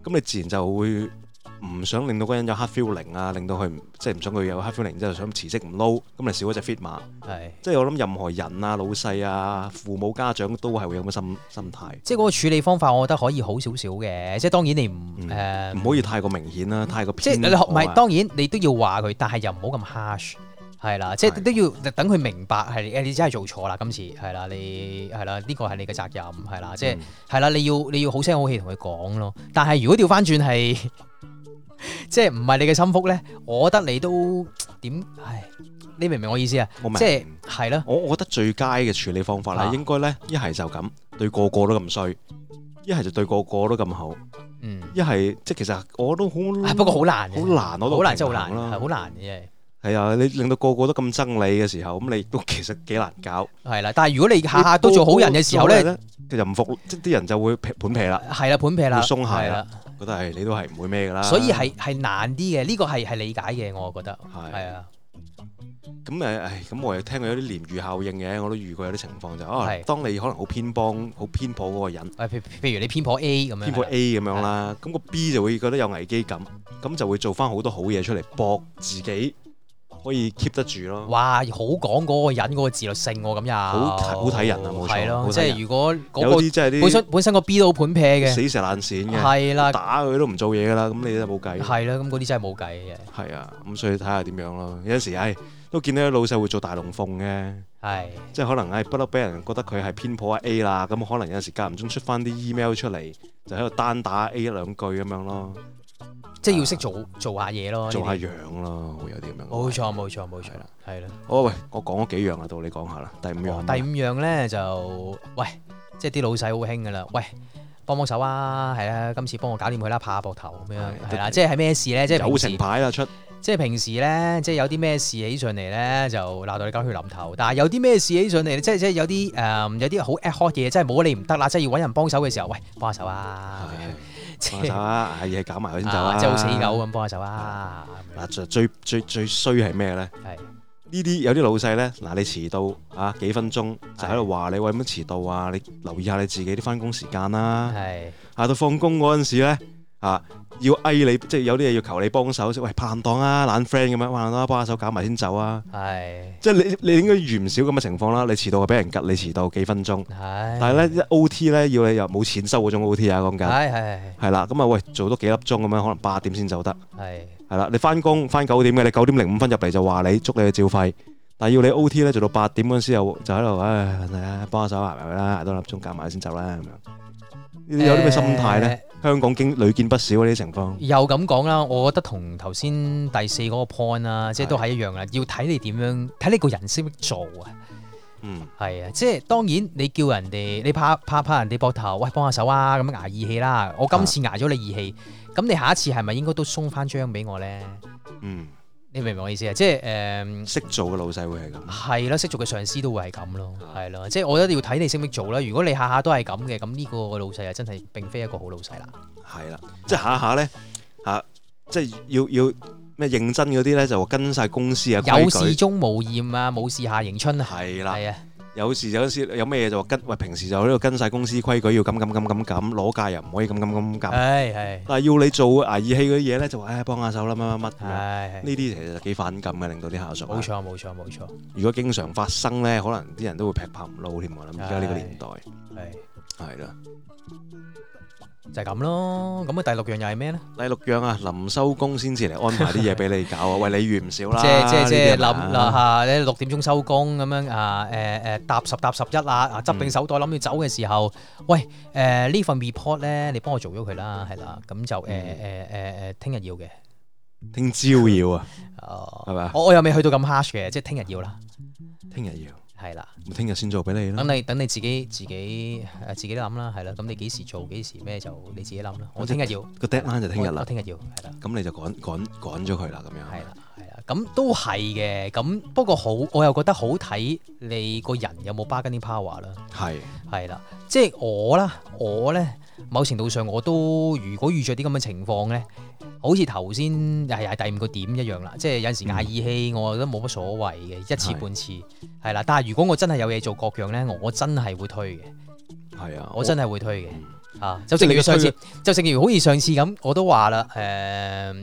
咁你自然就會。唔想令到嗰人有 hard feeling 啊，令到佢即係唔想佢有 hard feeling，之後想辭職唔撈，咁嚟少一隻 fit 馬，係是即係我諗任何人啊、老細啊、父母家長都係會有咁嘅心心態。即係嗰個處理方法，我覺得可以好少少嘅。即、就、係、是、當然你唔誒，唔、嗯、可以太過明顯啦、啊，嗯、太過偏即。即係你學唔係，當然你都要話佢，但係又唔好咁 harsh，係啦，即、就、係、是、都要等佢明白係你，你真係做錯啦，今次係啦，你係啦，呢個係你嘅責任係啦，即係係啦，你要你要，你要好聲好氣同佢講咯。但係如果調翻轉係。 即係唔係你嘅心腹咧？我覺得你都點唉？你明唔明我意思啊？即係係咯。我我覺得最佳嘅處理方法咧，應該咧一係就咁對個個都咁衰，一係就對個個都咁好，嗯，一係即係其實我都好。不過好難，好難，攞到好難真係好難，係好難嘅。係啊，你令到個個都咁憎你嘅時候，咁你都其實幾難搞。係啦，但係如果你下下都做好人嘅時候咧，其實唔服即係啲人就會盤皮啦。係啦，盤皮啦，會鬆懈啦。覺得係你都係唔會咩㗎啦，所以係係難啲嘅，呢、這個係係理解嘅，我覺得係的的啊。咁誒的，咁我又聽過有啲鯰魚效應嘅，我都遇過有啲情況就可能當你可能好偏幫、好偏頗嗰個人，譬如你偏頗 A 咁樣，偏頗 A 咁樣啦，咁個的 B 就會覺得有危機感，咁的就，就會做翻好多好嘢出嚟搏自己。可以 keep 得住咯。哇，好講嗰個人嗰個自律性喎，啊，咁又好好睇人啊，冇錯。係咯了，即係如果嗰個本身本身個 B 都好盤啤嘅，死蛇爛線嘅，係啦了打佢都唔做嘢噶啦，咁你都冇計。係啦，咁嗰啲真係冇計嘅。係啊，咁所以睇下點樣咯。有陣時，唉、哎，都見到啲老細會做大龍鳳嘅。係對，即係可能唉，不嬲俾人覺得佢係偏頗啊 A 啦，咁可能有陣時間唔中出翻啲 email 出嚟，就喺度單打 A 一兩句咁樣咯。即係要識做做下嘢咯，做下樣咯，會有啲咁樣錯。冇錯，冇錯，冇錯啦，係啦了。好、哦，喂，我講咗幾樣啦，到你講下啦。第五樣、哦，第五樣咧就，喂，即係啲老細好興噶啦，喂，幫幫手啊，係啦，今次幫我搞掂佢啦，拍下膊頭咁樣。係啦，即係係咩事咧？即係友情牌啦出。即係平時咧，即係有啲咩事起上嚟咧，就鬧到你狗血淋頭。但係有啲咩事起上嚟咧，即係即係有啲誒、呃，有啲好 ad hoc 嘢，即係冇咗你唔得啦，即、就、係、是、要搵人幫手嘅時候，喂，幫下手啊。了走啊！係嘢搞埋佢先走啊！即死狗咁幫手啊！嗱、啊，最最最最衰係咩咧？係是呢啲有啲老細咧，嗱，你遲到啊幾分鐘就喺度話你為乜遲到啊？你留意下你自己啲翻工時間啦。係是下到放工嗰陣時咧。啊！要嗌你，即係有啲嘢要求你幫手，喂拍檔啊，爛 friend 咁樣，哇、呃、啦，幫下手搞埋先走啊！係是，即係你你應該遇唔少咁嘅情況啦。你遲到俾人㓤，你遲到幾分鐘，係是。但係咧，O T 咧要你又冇錢收嗰種 O T 啊，講緊係係啦。咁啊，喂，做多幾粒鐘咁樣，可能八點先走得、啊，係是。係啦，你翻工翻九點嘅，你九點零五分入嚟就話你，捉你去照肺。但係要你 O T 咧，做到八點嗰陣時又就喺度唉，啊，幫下手捱埋啦，捱多粒鐘搞埋先走啦，咁樣。嗯呃、有啲咩心態咧？呃香港經屢見不少呢啲情況，又咁講啦，我覺得同頭先第四嗰個 point、嗯、啊，即係都係一樣啦，要睇你點樣，睇你個人識唔識做啊。嗯，係啊，即係當然你叫人哋，你拍拍拍人哋膊頭，喂，幫下手啊，咁捱義氣啦，我今次捱咗你義氣，咁、啊、你下一次係咪應該都鬆翻張俾我咧？嗯。你明唔明我意思啊？即係誒，識做嘅老細會係咁，係啦，識做嘅上司都會係咁咯，係啦，即係我覺得要睇你識唔識做啦。如果你下下都係咁嘅，咁、這、呢個老細啊，真係並非一個好老細啦。係啦，即係下下咧嚇，即係要要咩認真嗰啲咧，就跟晒公司嘅規矩，有事中無厭啊，冇事下迎春啊，係啦，係啊。有時，有時有咩嘢就話跟喂，平時就喺度跟晒公司規矩，要咁咁咁咁咁，攞假又唔可以咁咁咁咁。係係但係要你做挨義氣嗰啲嘢咧，就話、哎、幫下手啦乜乜乜。呢啲是是 其實幾反感嘅，令到啲下屬。冇錯冇錯冇錯。嗎錯錯，如果經常發生咧，可能啲人都會劈炮唔撈添我諗。而家呢個年代。係啦是是 的。就係咁咯，咁啊第六樣又係咩咧？第六樣啊，臨收工先至嚟，安排啲嘢俾你搞啊，喂，你預唔少啦？即係即係即係諗啦下，你六點鐘收工咁樣啊，誒誒，搭十搭十一啊，執定手袋諗住走嘅時候，喂，誒呢份 report 咧，你幫我做咗佢啦，係啦，咁就誒誒誒誒，聽日要嘅，聽朝要啊？哦，係咪啊？我我又未去到咁 harsh 嘅，即係聽日要啦，聽日要。係啦，咁聽日先做俾你啦、嗯。等你等你自己自己誒，自己諗、呃、啦，係啦。咁你幾時做，幾時咩就你自己諗啦。我聽日要個 deadline 就聽日啦。嗯、的我聽日要係啦。咁你就趕趕趕咗佢啦，咁樣，係啦係啦。咁都係嘅，咁不過好，我又覺得好睇你個人有冇 bargaining power 啦。係係啦，即係我啦，我咧。某程度上，我都如果遇着啲咁嘅情況咧，好似頭先又係第五個點一樣啦。即係有陣時捱義氣，我覺得冇乜所謂嘅，一次半次係啦、嗯。但係如果我真係有嘢做各樣咧，我真係會推嘅。係啊的，我真係會推嘅嚇、嗯啊。就正如上次，就正如好似上次咁，我都話啦。誒、呃，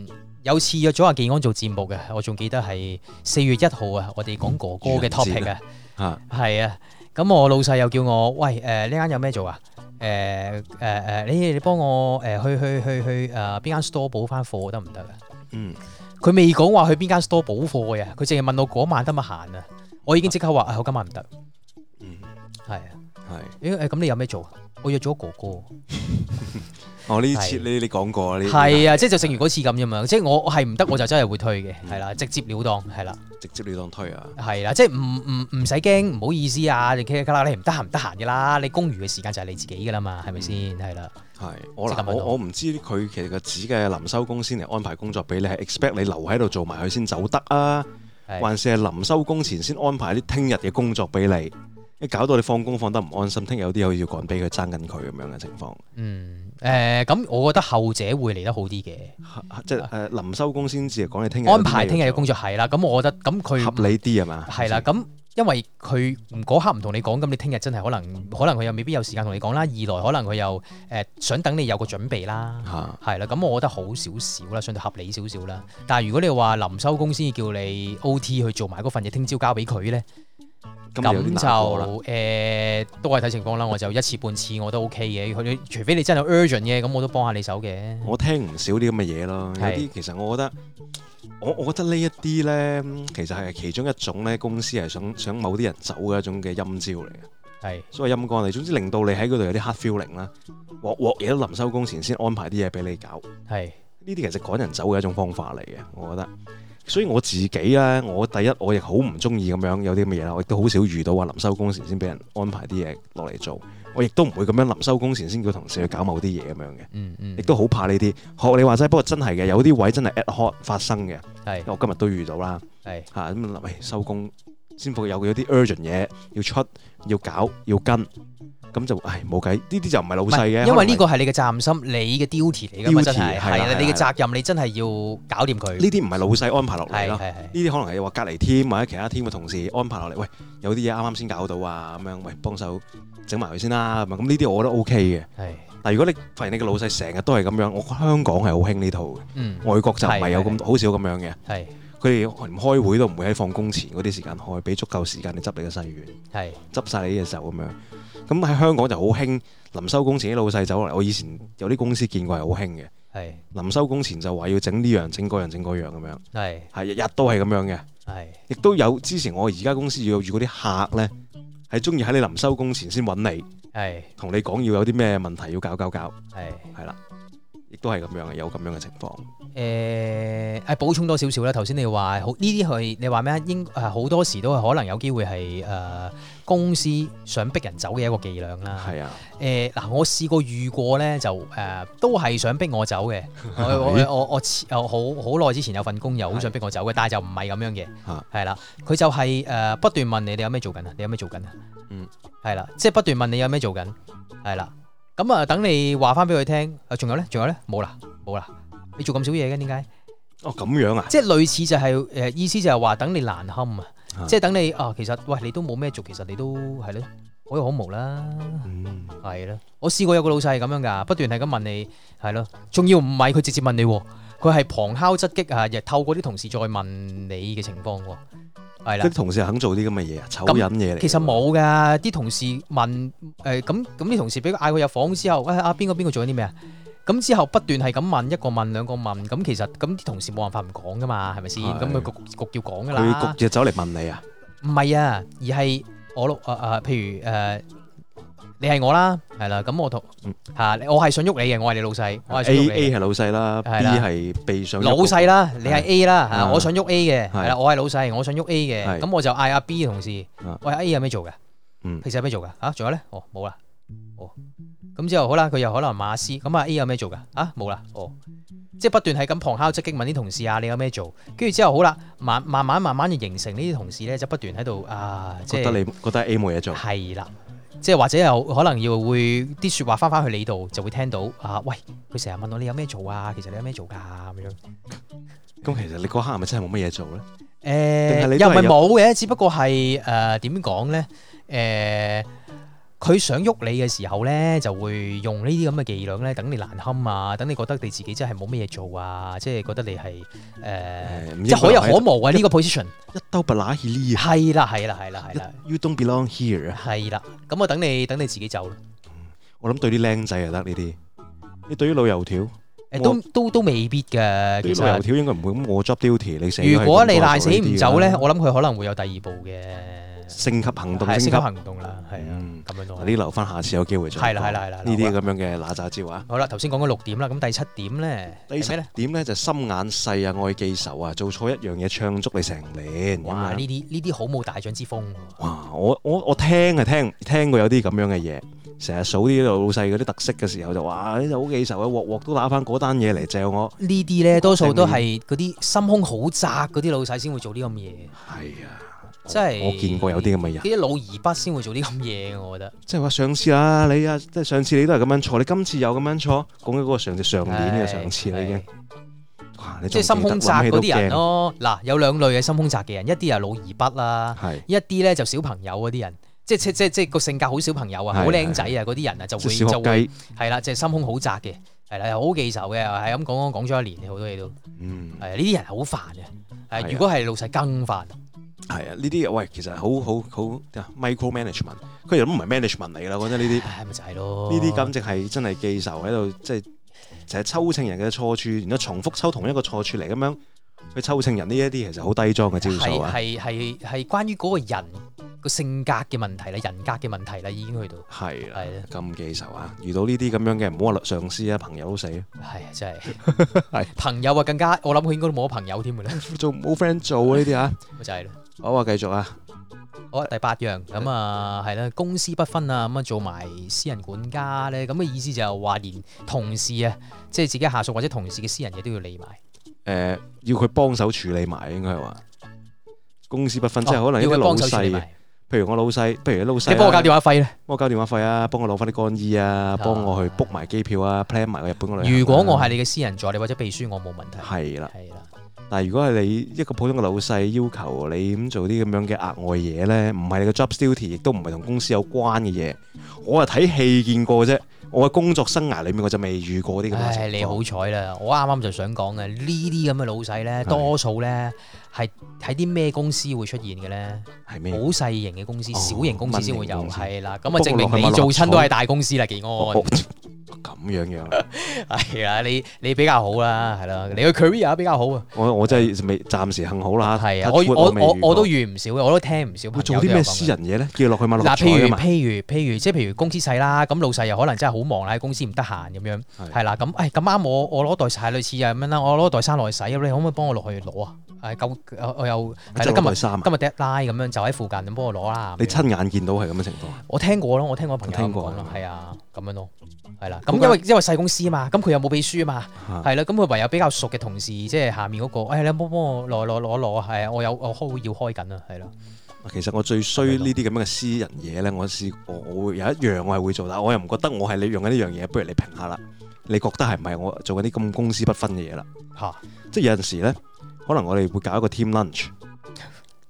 有次約咗阿健安做節目嘅，我仲記得係四月一號啊、嗯、啊。我哋講哥哥嘅 topic 啊，係啊。咁我老細又叫我喂誒、呃呃呃、呢間有咩做啊？誒誒誒，你你幫我誒、呃、去去去去誒邊間 store 補翻貨得唔得啊？呃、行行嗯，佢未講話去邊間 store 補貨啊，佢淨係問我嗰晚得唔得閒啊？我已經即刻話啊、哎，我今晚唔得。嗯，係啊是，係、哎。誒、呃，咁你有咩做啊？我約咗哥哥，我呢次你你講過啊，呢係啊，即係就正如嗰次咁啫嘛，即係我係唔得我就真係會推嘅。係啦，直接了當，係啦，直接了當推啊，係啦，即係唔唔唔使驚，唔好意思啊，你啦，你唔得閒唔得閒噶啦，你公餘嘅時間就係你自己噶啦嘛，係咪先？係啦，係我我我唔知佢其實個指嘅臨收工先嚟安排工作俾你，係 expect 你留喺度做埋佢先走得啊，還是係臨收工前先安排啲聽日嘅工作俾你？一搞到你放工放得唔安心，聽日有啲又要趕俾佢爭緊佢咁樣嘅情況。嗯，誒、呃，咁我覺得後者會嚟得好啲嘅，啊、即係誒，臨、呃、收工先至講你聽日安排聽日嘅工作係做啦。咁我覺得咁佢合理啲係嘛？係啦，咁因為佢嗰刻唔同你講，咁你聽日真係可能可能佢又未必有時間同你講啦。二來可能佢又誒、呃、想等你有個準備啦，係、啊、啦。咁我覺得好少少啦，相對合理少少啦。但係如果你話臨收工先至叫你 O T 去做埋嗰份嘢，聽朝交俾佢咧？咁就誒、呃，都係睇情況啦。我就一次半次，我都 O K 嘅。佢除非你真係有 urgent 嘅，咁我都幫下你手嘅。我聽唔少啲咁嘅嘢咯，是的 有啲其實我覺得，我我覺得一呢一啲咧，其實係其中一種咧，公司係想想某啲人走嘅一種嘅陰招嚟嘅。係，是的 所謂陰乾嚟，總之令到你喺嗰度有啲黑 feeling 啦，鑊鑊嘢都臨收工前先安排啲嘢俾你搞。係，呢啲其實趕人走嘅一種方法嚟嘅，我覺得。所以我自己咧，我第一我亦好唔中意咁樣有啲咩嘢啦，我亦都好少遇到話臨收工前先俾人安排啲嘢落嚟做，我亦都唔會咁樣臨收工前先叫同事去搞某啲嘢咁樣嘅。亦都好怕呢啲。學你話齋，不過真係嘅，有啲位真係 ad hoc 發生嘅。係是，我今日都遇到啦。係咁臨收工先復有有啲 urgent 嘢要出要搞要跟。咁就唉冇計，呢啲就唔係老細嘅，因為呢個係你嘅責任心，你嘅 duty 嚟㗎嘛，真係係啊，你嘅責任，你真係要搞掂佢。呢啲唔係老細安排落嚟咯，呢啲可能係話隔離 team，或者其他 team 嘅同事安排落嚟。喂，有啲嘢啱啱先搞到啊，咁樣，喂，幫手整埋佢先啦。咁呢啲我都 OK 嘅。係，但如果你發現你嘅老細成日都係咁樣，我香港係好興呢套嘅，外國就唔係有咁好少咁樣嘅。係，佢哋開會都唔會喺放工前嗰啲時間開，俾足夠時間你執你嘅細軟，係執曬你啲嘢就咁樣。咁喺香港就好興，臨收工前啲老細走嚟，我以前有啲公司見過係好興嘅。係的，臨收工前就話要整呢樣、整嗰樣、整嗰樣咁樣。係的，係日日都係咁樣嘅。係的，亦都有之前我而家公司要遇嗰啲客咧，係鍾意喺你臨收工前先揾你。係的，同你講要有啲咩問題要搞搞搞。係的，係啦，亦都係咁樣嘅，有咁樣嘅情況。誒、呃，誒補充多少少啦。頭先你話好呢啲係你話咩？應誒好多時都係可能有機會係誒。呃公司想逼人走嘅一個伎倆啦，係啊，誒嗱，我試過遇過咧，就誒都係想逼我走嘅，我我我好好耐之前有份工又好想逼我走嘅，但係就唔係咁樣嘅，係啦，佢就係誒不斷問你你有咩做緊啊，你有咩做緊啊，嗯，係啦，即係不斷問你有咩做緊，係啦，咁啊等你話翻俾佢聽，仲有咧，仲有咧，冇啦，冇啦，你做咁少嘢嘅，點解？哦咁樣啊？即係類似就係誒意思就係話等你難堪啊？即係等你啊，其實喂，你都冇咩做，其實你都係咯，可有可無啦，係咯、嗯。我試過有個老細係咁樣噶，不斷係咁問你，係咯，仲要唔係佢直接問你，佢係旁敲側擊啊，亦透過啲同事再問你嘅情況喎，係啦。啲同事肯做啲咁嘅嘢啊，醜飲嘢嚟。其實冇噶，啲同事問誒，咁咁啲同事俾個嗌佢入房之後，喂啊，邊個邊個做緊啲咩啊？咁之後不斷係咁問一個問兩個問，咁其實咁啲同事冇辦法唔講噶嘛，係咪先？咁佢局局要講噶啦。佢局就走嚟問你啊？唔係啊，而係我老啊啊，譬如誒，你係我啦，係啦，咁我同嚇我係想喐你嘅，我係你老細，我係做你。A A 係老細啦，B 係被上，老細啦，你係 A 啦，嚇，我想喐 A 嘅，係啦，我係老細，我想喐 A 嘅，咁我就嗌阿 B 同事，喂 A 有咩做嘅？嗯，其實有咩做嘅？嚇，仲有咧？哦，冇啦。哦。咁之後好啦，佢又可能馬思，咁啊 A 有咩做噶？啊冇啦，哦，即係不斷係咁旁敲側擊問啲同事啊，你有咩做？跟住之後好啦，慢慢慢慢慢形成呢啲同事咧，就不斷喺度啊，即覺得你覺得 A 冇嘢做，係啦，即係或者又可能要會啲説話翻翻去你度，就會聽到啊，喂，佢成日問我你有咩做啊？其實你有咩做噶咁樣？咁其實你嗰刻係咪真係冇乜嘢做咧？誒、欸、又唔係冇嘅，只不過係誒點講咧？誒、呃。佢想喐你嘅時候咧，就會用呢啲咁嘅伎倆咧，等你難堪啊，等你覺得你自己真係冇乜嘢做啊，即係覺得你係誒，呃嗯、即係可有可無啊呢一個 position。一刀白拿去呢？係啦，係啦，係啦，係啦。You don't belong here。係啦，咁我等你等你自己走咯、啊。我諗對啲靚仔啊得呢啲，你對於老油條誒都都都未必嘅。其實老油條應該唔會。咁我 o 做 duty，你死。如果你賴死唔走咧，呢我諗佢可能會有第二步嘅。升級行動，升級行動啦，係啊，咁樣呢啲留翻，下次有機會再講。係啦，係啦，係啦，呢啲咁樣嘅哪吒招啊！好啦，頭先講咗六點啦，咁第七點咧，第七點咧就心眼細啊，愛記仇啊，做錯一樣嘢唱足你成年。哇！呢啲呢啲好冇大將之風。哇！我我我聽係聽聽過有啲咁樣嘅嘢，成日數啲老老細嗰啲特色嘅時候就話，好記仇啊，鑊鑊都打翻嗰單嘢嚟嚼我。呢啲咧多數都係嗰啲心胸好窄嗰啲老細先會做呢咁嘢。係啊。即係我見過有啲咁嘅人，啲老而不先會做啲咁嘢我覺得。即係話上次啊，你啊，即係上次你都係咁樣錯，你今次又咁樣錯，講起嗰個上上年嘅上次啦已經。哇！即係心胸窄嗰啲人咯，嗱有兩類嘅心胸窄嘅人，一啲係老而不啦，一啲咧就小朋友嗰啲人，即係即即即個性格好小朋友啊，好僆仔啊嗰啲人啊就會就會係啦，即係心胸好窄嘅，係啦，好記仇嘅，係咁講講講咗一年，好多嘢都，嗯，係呢啲人好煩嘅，係如果係老細更煩。係啊，呢啲喂，其實好好好 micro management，佢又都唔係 management 嚟噶啦，我覺得呢啲係咪就係咯？呢啲簡直係真係記仇喺度，即係成日抽秤人嘅錯處，然後重複抽同一個錯處嚟咁樣去抽秤人呢一啲，其實好低莊嘅招數啊！係係係係關於嗰個人個性格嘅問題啦，人格嘅問題啦，已經去到係啦，係啦，咁記仇啊！遇到呢啲咁樣嘅，唔好話上司啊，朋友都死啊！係啊，真係係朋友啊，更加我諗佢應該都冇朋友添嘅啦，做冇 friend 做啊呢啲啊，就係啦。好啊，繼續啊。好啊，第八樣咁啊，係、嗯、啦，嗯、公私不分啊，咁啊做埋私人管家咧，咁嘅意思就係話連同事啊，即係自己下屬或者同事嘅私人嘢都要理埋。誒、呃，要佢幫手處理埋，應該係話。公私不分，哦、即係可能應該老細。譬如我老細，譬如老細，你幫我交電話費咧？幫我交電話費啊！幫我攞翻啲乾衣啊！幫我去 book 埋機票啊！plan 埋個日本旅行。如果我係你嘅私人助理或者秘書，我冇問題。係啦，係啦。但係如果係你一個普通嘅老細要求你咁做啲咁樣嘅額外嘢咧，唔係你個 job duty 亦都唔係同公司有關嘅嘢，我係睇戲見過啫，我嘅工作生涯裏面我就未遇過啲咁嘅情況。你好彩啦，我啱啱就想講嘅呢啲咁嘅老細咧，多數咧係喺啲咩公司會出現嘅咧？係咩？好細型嘅公司、小型公司先會有，係啦。咁啊證明你做親都係大公司啦，技安。咁樣樣，係啊， 你你比較好啦，係咯，你嘅 career 比較好啊。我我真係未暫時幸好啦。係啊， 我我我，我，我，我都遇唔少，嘅，我都聽唔少。做啲咩私人嘢咧？叫落去落去海嘛？嗱、啊，譬如譬如譬如，譬如，即係譬如公司細啦，咁老細又可能真係好忙啦，喺公司唔得閒咁樣，係啦的，咁誒咁啱我我攞袋晒類似啊咁樣啦，我攞袋衫落去洗咁，你可唔可以幫我落去攞啊？誒夠，我我有即係今日今日第一拉咁樣，就喺附近咁幫我攞啦。你親眼見到係咁嘅情況？我聽過咯，我聽我朋友講咯，係啊，咁樣咯，係啦。咁因為因為細公司啊嘛，咁佢又冇秘書啊嘛，係啦。咁佢唯有比較熟嘅同事，即係下面嗰個誒，你幫幫我攞攞攞攞啊！係啊，我有我開會要開緊啊，係啦。其實我最衰呢啲咁樣嘅私人嘢咧，我試過我會有一樣我係會做，但我又唔覺得我係利用緊呢樣嘢。不如你評下啦，你覺得係唔係我做緊啲咁公私不分嘅嘢啦？吓？即係有陣時咧。可能我哋會搞一個 team lunch，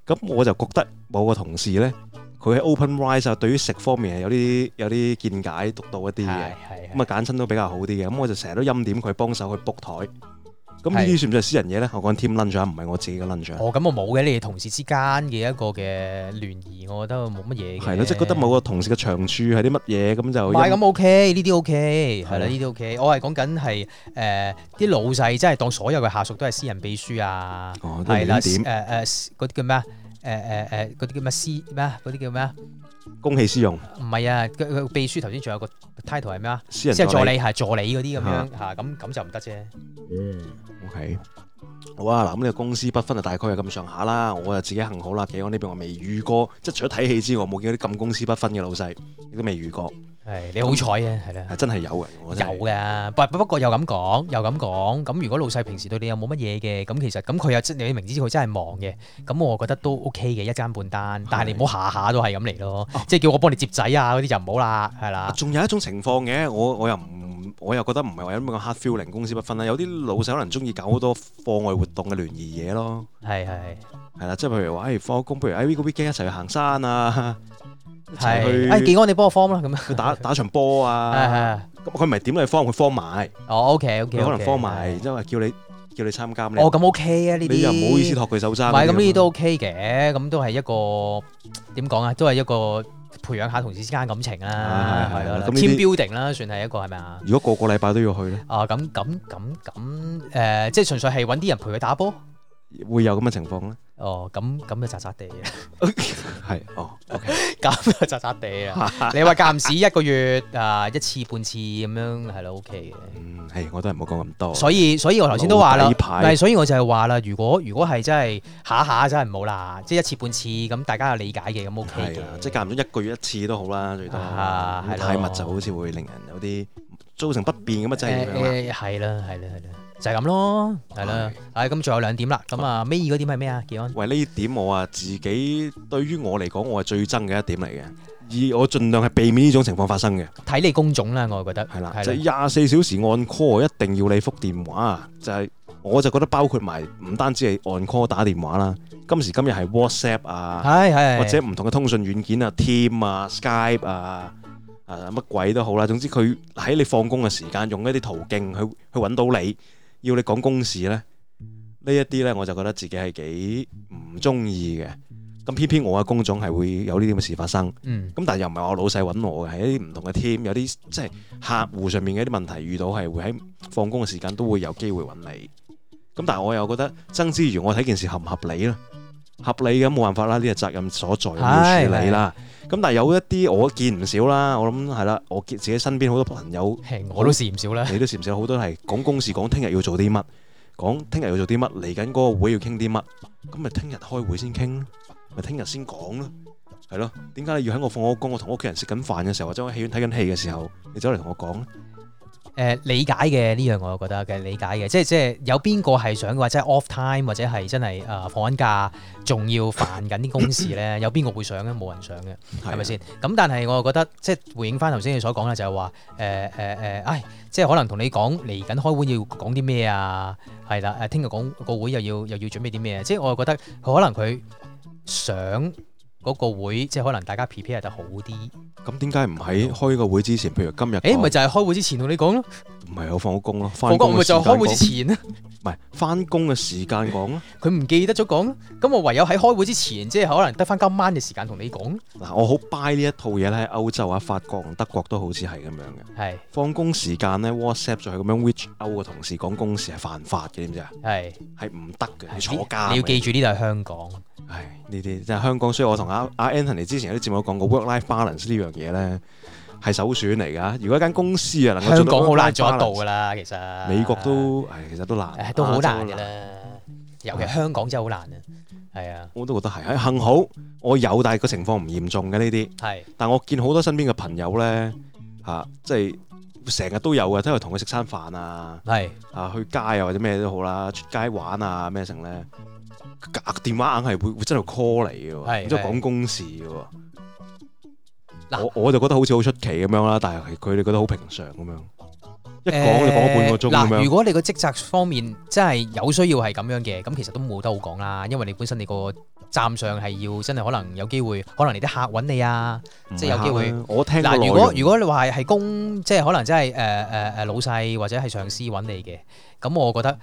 咁我就覺得某個同事呢，佢喺 open rice 對於食方面係有啲有啲見解，獨到一啲嘅，咁啊揀親都比較好啲嘅，咁我就成日都欽點佢幫手去 book 枱。咁呢啲算唔算係私人嘢咧？我講緊 team lunch 唔係我自己嘅 lunch。哦，咁我冇嘅，你哋同事之間嘅一個嘅聯誼，我覺得冇乜嘢。係咯，即係覺得某個同事嘅長處係啲乜嘢咁就。係咁 OK，呢啲 OK，係啦，呢啲 OK。我係講緊係誒啲老細，真係當所有嘅下屬都係私人秘書啊。哦，係啦，誒誒嗰啲叫咩啊？誒誒誒嗰啲叫咩私咩啊？嗰啲叫咩啊？公器私用？唔係啊，佢秘書頭先仲有個 title 係咩啊？私人即係助理係助理嗰啲咁樣吓、嗯，咁咁就唔得啫。嗯，OK。好啊。嗱咁呢個公私不分啊，大概係咁上下啦。我就自己幸好啦，我呢邊我未遇過，即係除咗睇戲之外，冇見到啲咁公私不分嘅老細，亦都未遇過。係你好彩啊，係啦，真係有嘅。有嘅，不不過又咁講又咁講，咁如果老細平時對你又冇乜嘢嘅，咁其實咁佢又真你明知佢真係忙嘅，咁我覺得都 OK 嘅一間半單，但係你唔好下下都係咁嚟咯，即係叫我幫你接仔啊嗰啲就唔好啦，係啦。仲有一種情況嘅，我我又唔我又覺得唔係話咁樣咁 hard feeling，公司不分啦，有啲老細可能中意搞好多課外活動嘅聯誼嘢咯，係係係啦，即係譬如話，放工不如哎 weekend 一齊去行山啊。係，哎技安，你幫我 form 啦咁啊！打打場波啊，咁佢唔係點嚟 form，佢 form 埋。哦，OK OK，可能 form 埋，然之後話叫你叫你參加。哦，咁 OK 啊呢啲，你又唔好意思托佢手踭。唔係，咁呢啲都 OK 嘅，咁都係一個點講啊？都係一個培養下同事之間感情啊，team building 啦，算係一個係咪啊？如果個個禮拜都要去咧？啊，咁咁咁咁，誒，即係純粹係搵啲人陪佢打波。會有咁嘅情況咧？哦，咁咁就雜雜地啦，係哦，OK，咁又雜雜地啊！你話間唔時一個月啊一次半次咁樣係咯，OK 嘅。嗯，係我都係唔好講咁多。所以所以我頭先都話啦，係所以我就係話啦，如果如果係真係下下真係唔好啦，即係一次半次咁，大家有理解嘅咁 OK 嘅。即係間唔中一個月一次都好啦，最多。係、啊啊、太密就好似會令人有啲造成不便咁嘅制咁樣係啦，係啦、啊，係啦。的的就係咁咯，係啦，咁仲有兩點啦，咁啊，尾二嗰點係咩啊？技安，喂，呢點我啊自己對於我嚟講，我係最憎嘅一點嚟嘅，而我盡量係避免呢種情況發生嘅。睇你工種啦，我覺得係啦，就係廿四小時按 call，一定要你覆電話，就係我就覺得包括埋唔單止係按 call 打電話啦，今時今日係 WhatsApp 啊，或者唔同嘅通訊軟件啊，Team 啊、Skype 啊，誒乜鬼都好啦，總之佢喺你放工嘅時間，用一啲途徑去去搵到你，要你講公事呢，呢一啲呢，我就覺得自己係幾唔中意嘅。咁偏偏我嘅工種係會有呢啲咁嘅事發生。咁、嗯、但係又唔係我老細揾我嘅，係一啲唔同嘅 team，有啲即係客戶上面嘅一啲問題遇到，係會喺放工嘅時間都會有機會揾你。咁但係我又覺得，曾之餘，我睇件事合唔合理啦。合理，咁冇辦法啦，呢個責任所在要處理啦。咁但係有一啲我見唔少啦，我諗係啦，我見自己身邊好多朋友，我都試唔少啦。你都試唔少好多係講公事，講聽日要做啲乜，講聽日要做啲乜，嚟緊嗰個會要傾啲乜，咁咪聽日開會先傾，咪聽日先講咯。係咯，點解你要喺我放咗工，我同屋企人食緊飯嘅時候，或者我喺戲院睇緊戲嘅時候，你走嚟同我講咧？誒、呃、理解嘅呢樣，我又覺得嘅理解嘅，即係即係有邊個係想嘅話即係 off time 或者係真係誒放緊假，仲要煩緊啲公事咧？ 有邊個會想咧？冇人想嘅，係咪先？咁但係我又覺得即係回應翻頭先你所講啦，就係話誒誒誒，唉、呃哎，即係可能同你講嚟緊開會要講啲咩啊？係啦誒，聽日講個會又要又要準備啲咩？即係我覺得可能佢想。嗰個會即係可能大家 prepare 得好啲，咁點解唔喺開個會之前？譬如今日，誒、欸，咪就係開會之前同你講咯，唔係我放工咯，放工咪就係開會之前咯，唔係翻工嘅時間講咯，佢唔 記得咗講，咁我唯有喺開會之前，即係可能得翻今晚嘅時間同你講。嗱，我好 buy 呢一套嘢咧，喺歐洲啊，法國同德國都好似係咁樣嘅，係放工時間咧 WhatsApp 就係咁樣，reach out 嘅同事講公事係犯法嘅，點知啊？係係唔得嘅，係坐監。你要記住呢度係香港。唉，呢啲即係香港，所以我同阿阿 Anthony 之前有啲節目講過 work-life balance 呢樣嘢咧，係首選嚟㗎。如果一間公司啊能夠做到 work-life balance 香港好難做得到嘅啦。其實美國都唉，其實都難。唉都好難㗎啦，尤其香港真係好難是啊。係啊，我都覺得係。唉，幸好我有，但係個情況唔嚴重嘅呢啲。是但我見好多身邊嘅朋友咧嚇、啊，即係成日都有嘅，都係同佢食餐飯啊，是啊，去街啊或者咩都好啦，出街玩啊咩成咧。格電話硬係會會真係 call 你嘅，即係講公事嘅。啊、我我就覺得好似好出奇咁樣啦，但係佢哋覺得好平常咁樣。一講就講咗半個鐘咁樣。如果你個職責方面真係有需要係咁樣嘅，咁其實都冇得好講啦，因為你本身你個站上係要真係可能有機會，可能你啲客揾你啊，啊即係有機會。我聽嗱，如果如果你話係公，即係可能真係誒誒誒老細或者係上司揾你嘅，咁我覺得。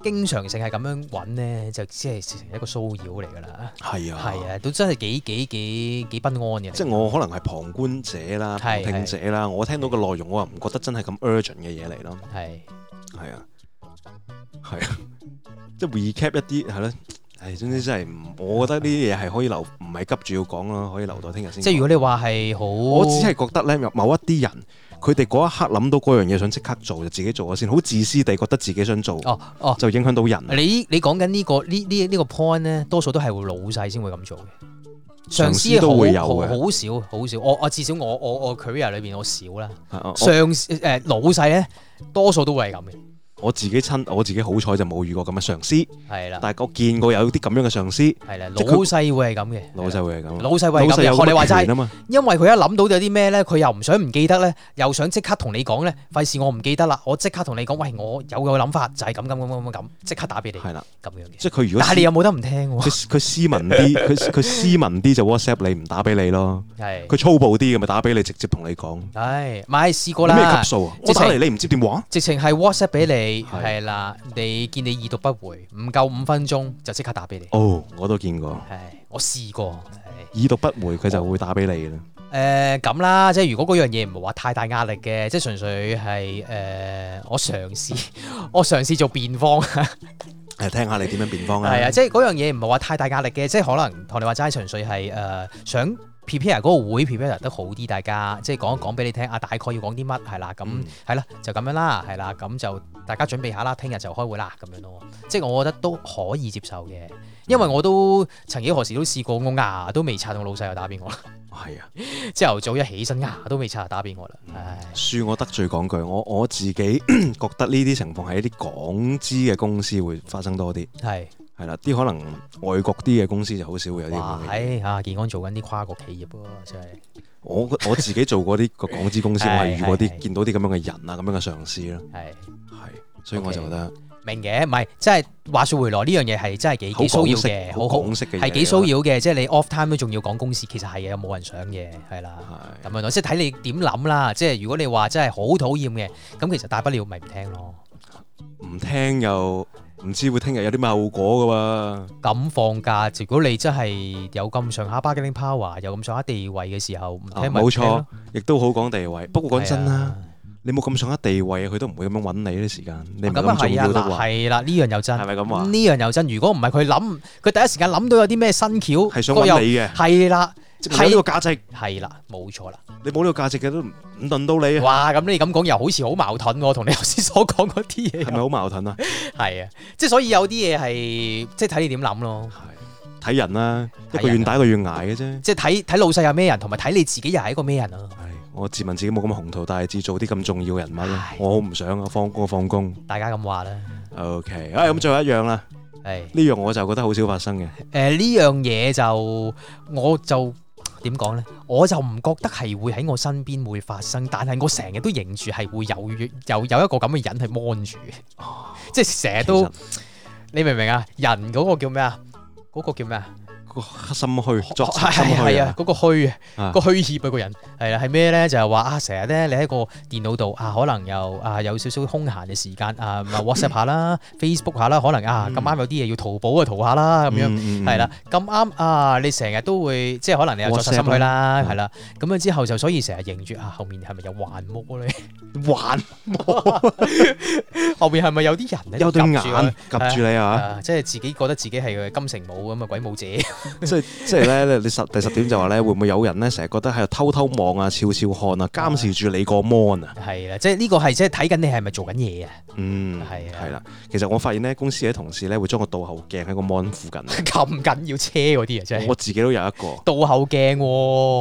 經常性係咁樣搵咧，就只係一個騷擾嚟噶啦。係啊，係啊，都真係幾幾幾幾不安嘅、啊。即係我可能係旁觀者啦，旁是聽者啦，是我聽到個內容我又唔覺得真係咁 urgent 嘅嘢嚟咯。係是，係啊，係啊，即係 recap 一啲係咯。唉、啊，總之真係，我覺得呢啲嘢係可以留，唔係急住要講咯，可以留待聽日先。即係如果你話係好，我只係覺得咧，某一啲人。佢哋嗰一刻諗到嗰樣嘢想即刻做就自己做咗先，好自私地覺得自己想做哦哦，哦就影響到人。你你講緊呢個呢呢呢個 point 咧、這個，多數都係會老細先會咁做嘅，上司都會有好，好，好少好少。我我至少我我我 career 裏邊我少啦，啊、上司誒我老細咧多數都會係咁嘅。我自己親，我自己好彩就冇遇過咁嘅上司，係啦。但係我見過有啲咁樣嘅上司，係啦。老細會係咁嘅，老細會係咁。老細會老細有你話齋，因為佢一諗到有啲咩咧，佢又唔想唔記得咧，又想即刻同你講咧。費事我唔記得啦，我即刻同你講，喂，我有個諗法就係咁咁咁咁咁，即刻打俾你。係啦，咁樣嘅。即係佢如果但係你有冇得唔聽？佢佢斯文啲，佢佢斯文啲就 WhatsApp 你，唔打俾你咯。佢粗暴啲咁咪打俾你，直接同你講。係，咪試過啦。咩級數啊？我打嚟你唔接電話，直情係 WhatsApp 俾你。係啦，你見你已讀不回，唔夠五分鐘就即刻打俾你。哦，oh, 我都見過，係我試過，已讀不回佢就會打俾你啦。誒、哦，咁、呃、啦，即係如果嗰樣嘢唔係話太大壓力嘅，即係純粹係誒、呃，我嘗試， 我嘗試做辯方。誒， 聽下你點樣辯方啊？係 啊，即係嗰樣嘢唔係話太大壓力嘅，即係可能同你話齋純粹係誒、呃、想。P.P.R. 嗰個會 P.P.R. 得好啲，大家即係講一講俾你聽啊，大概要講啲乜係啦，咁係、嗯、啦，就咁樣啦，係啦，咁就大家準備下啦，聽日就開會啦，咁樣咯，即係我覺得都可以接受嘅，因為我都曾幾何時都試過，我、啊、牙都未刷，到老細又打俾我啦，係啊，朝頭早一起身牙、啊、都未刷，打俾我啦，唉，恕我得罪講句，我我自己 覺得呢啲情況係一啲港資嘅公司會發生多啲，係。係啦，啲可能外國啲嘅公司就好少會有啲咁嘅。啊，健康做緊啲跨國企業喎，真係。我我自己做過啲個港資公司，我係遇過啲見到啲咁樣嘅人啊，咁樣嘅上司咯。係係的，所以我就覺得 okay，明嘅，唔係，即係話說回來，呢樣嘢係真係幾騷擾嘅，好好色嘅，係幾騷擾嘅。很即係你 off time 都仲要講公司，其實係啊，冇人想嘅。係啦，咁的樣咯。即係睇你點諗啦。即係如果你話真係好討厭嘅，咁其實大不了咪唔聽咯。唔聽又？唔知會聽日有啲咩後果嘅喎？噉放假？如果你真係有咁上下 bargaining power，有咁上下地位嘅時候，唔冇、哦、錯，亦都好講地位。不過講真啦，哎、呀你冇咁上下地位，佢都唔會咁樣揾你啲時間。咁啊係啊，係、啊、啦，呢、啊、樣又真，係咪咁話？呢樣又真。如果唔係佢諗，佢第一時間諗到有啲咩新橋，係想揾你嘅，係啦。睇呢個價值係啦，冇錯啦。你冇呢個價值嘅都唔輪到你啊！哇，咁你咁講又好似好矛盾喎，同你頭先所講嗰啲嘢係咪好矛盾啊？係啊，即係所以有啲嘢係即係睇你點諗咯。睇人啦，一個願打一個願挨嘅啫。即係睇睇老細係咩人，同埋睇你自己又係一個咩人咯。我自問自己冇咁嘅鴻圖大志，做啲咁重要嘅人物，我好唔想啊放工，放工。大家咁話啦。OK，咁最後一樣啦。呢樣我就覺得好少發生嘅。誒，呢樣嘢就我就。點講呢？我就唔覺得係會喺我身邊會發生，但係我成日都認住係會有有有一個咁嘅人去 mon 住， 即係成日都，實你明唔明啊？人嗰個叫咩啊？嗰、嗰個叫咩啊？心虛，係啊係啊，嗰、那個虛、那個、啊，個虛熱啊，個人係啦，係咩咧？就係話、嗯、啊，成日咧，你喺個電腦度啊，可能又啊有少少空閒嘅時間啊，咪 WhatsApp 下啦，Facebook 下啦，可能啊咁啱有啲嘢要淘寶啊淘下啦，咁樣係啦，咁啱啊，你成日都會即係可能你又作賊心虛啦，係啦 WhatsApp，咁啊之後就所以成日認住啊，後面係咪有幻魔咧？幻 魔木，後邊係咪有啲人咧？有對眼 𥄫 住你啊，即係、啊、自己覺得自己係金城武咁啊，鬼武者。 即係即係咧，你十第十點就話咧，會唔會有人咧成日覺得喺度偷偷望啊、悄悄看啊、監視住你個 mon 啊？係啊，即係呢個係即係睇緊你係咪做緊嘢啊？嗯，係啊的，係啦。其實我發現咧，公司嘅同事咧會裝個倒後鏡喺個 mon 附近。咁緊要車嗰啲啊，真係。我自己都有一個倒後鏡。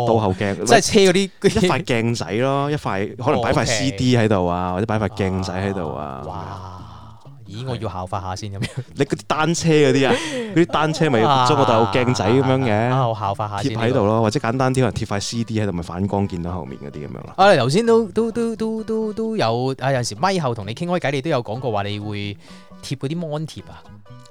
倒後鏡、啊，即係車嗰啲是 一塊鏡仔咯，一塊可能擺塊 CD 喺度啊，哦 okay、或者擺塊鏡仔喺度啊。哇哇咦，我要效法下先咁樣。 你嗰啲單車嗰啲 啊，嗰啲單車咪要裝個大個鏡仔咁樣嘅。啊，我效法下先。貼喺度咯，這個 或者簡單啲，貼塊 CD 喺度咪反光見到後面嗰啲咁樣咯。啊，頭先都都都都都都有啊，有陣時麥後同你傾開偈，你都有講過話你會貼嗰啲 Mon 貼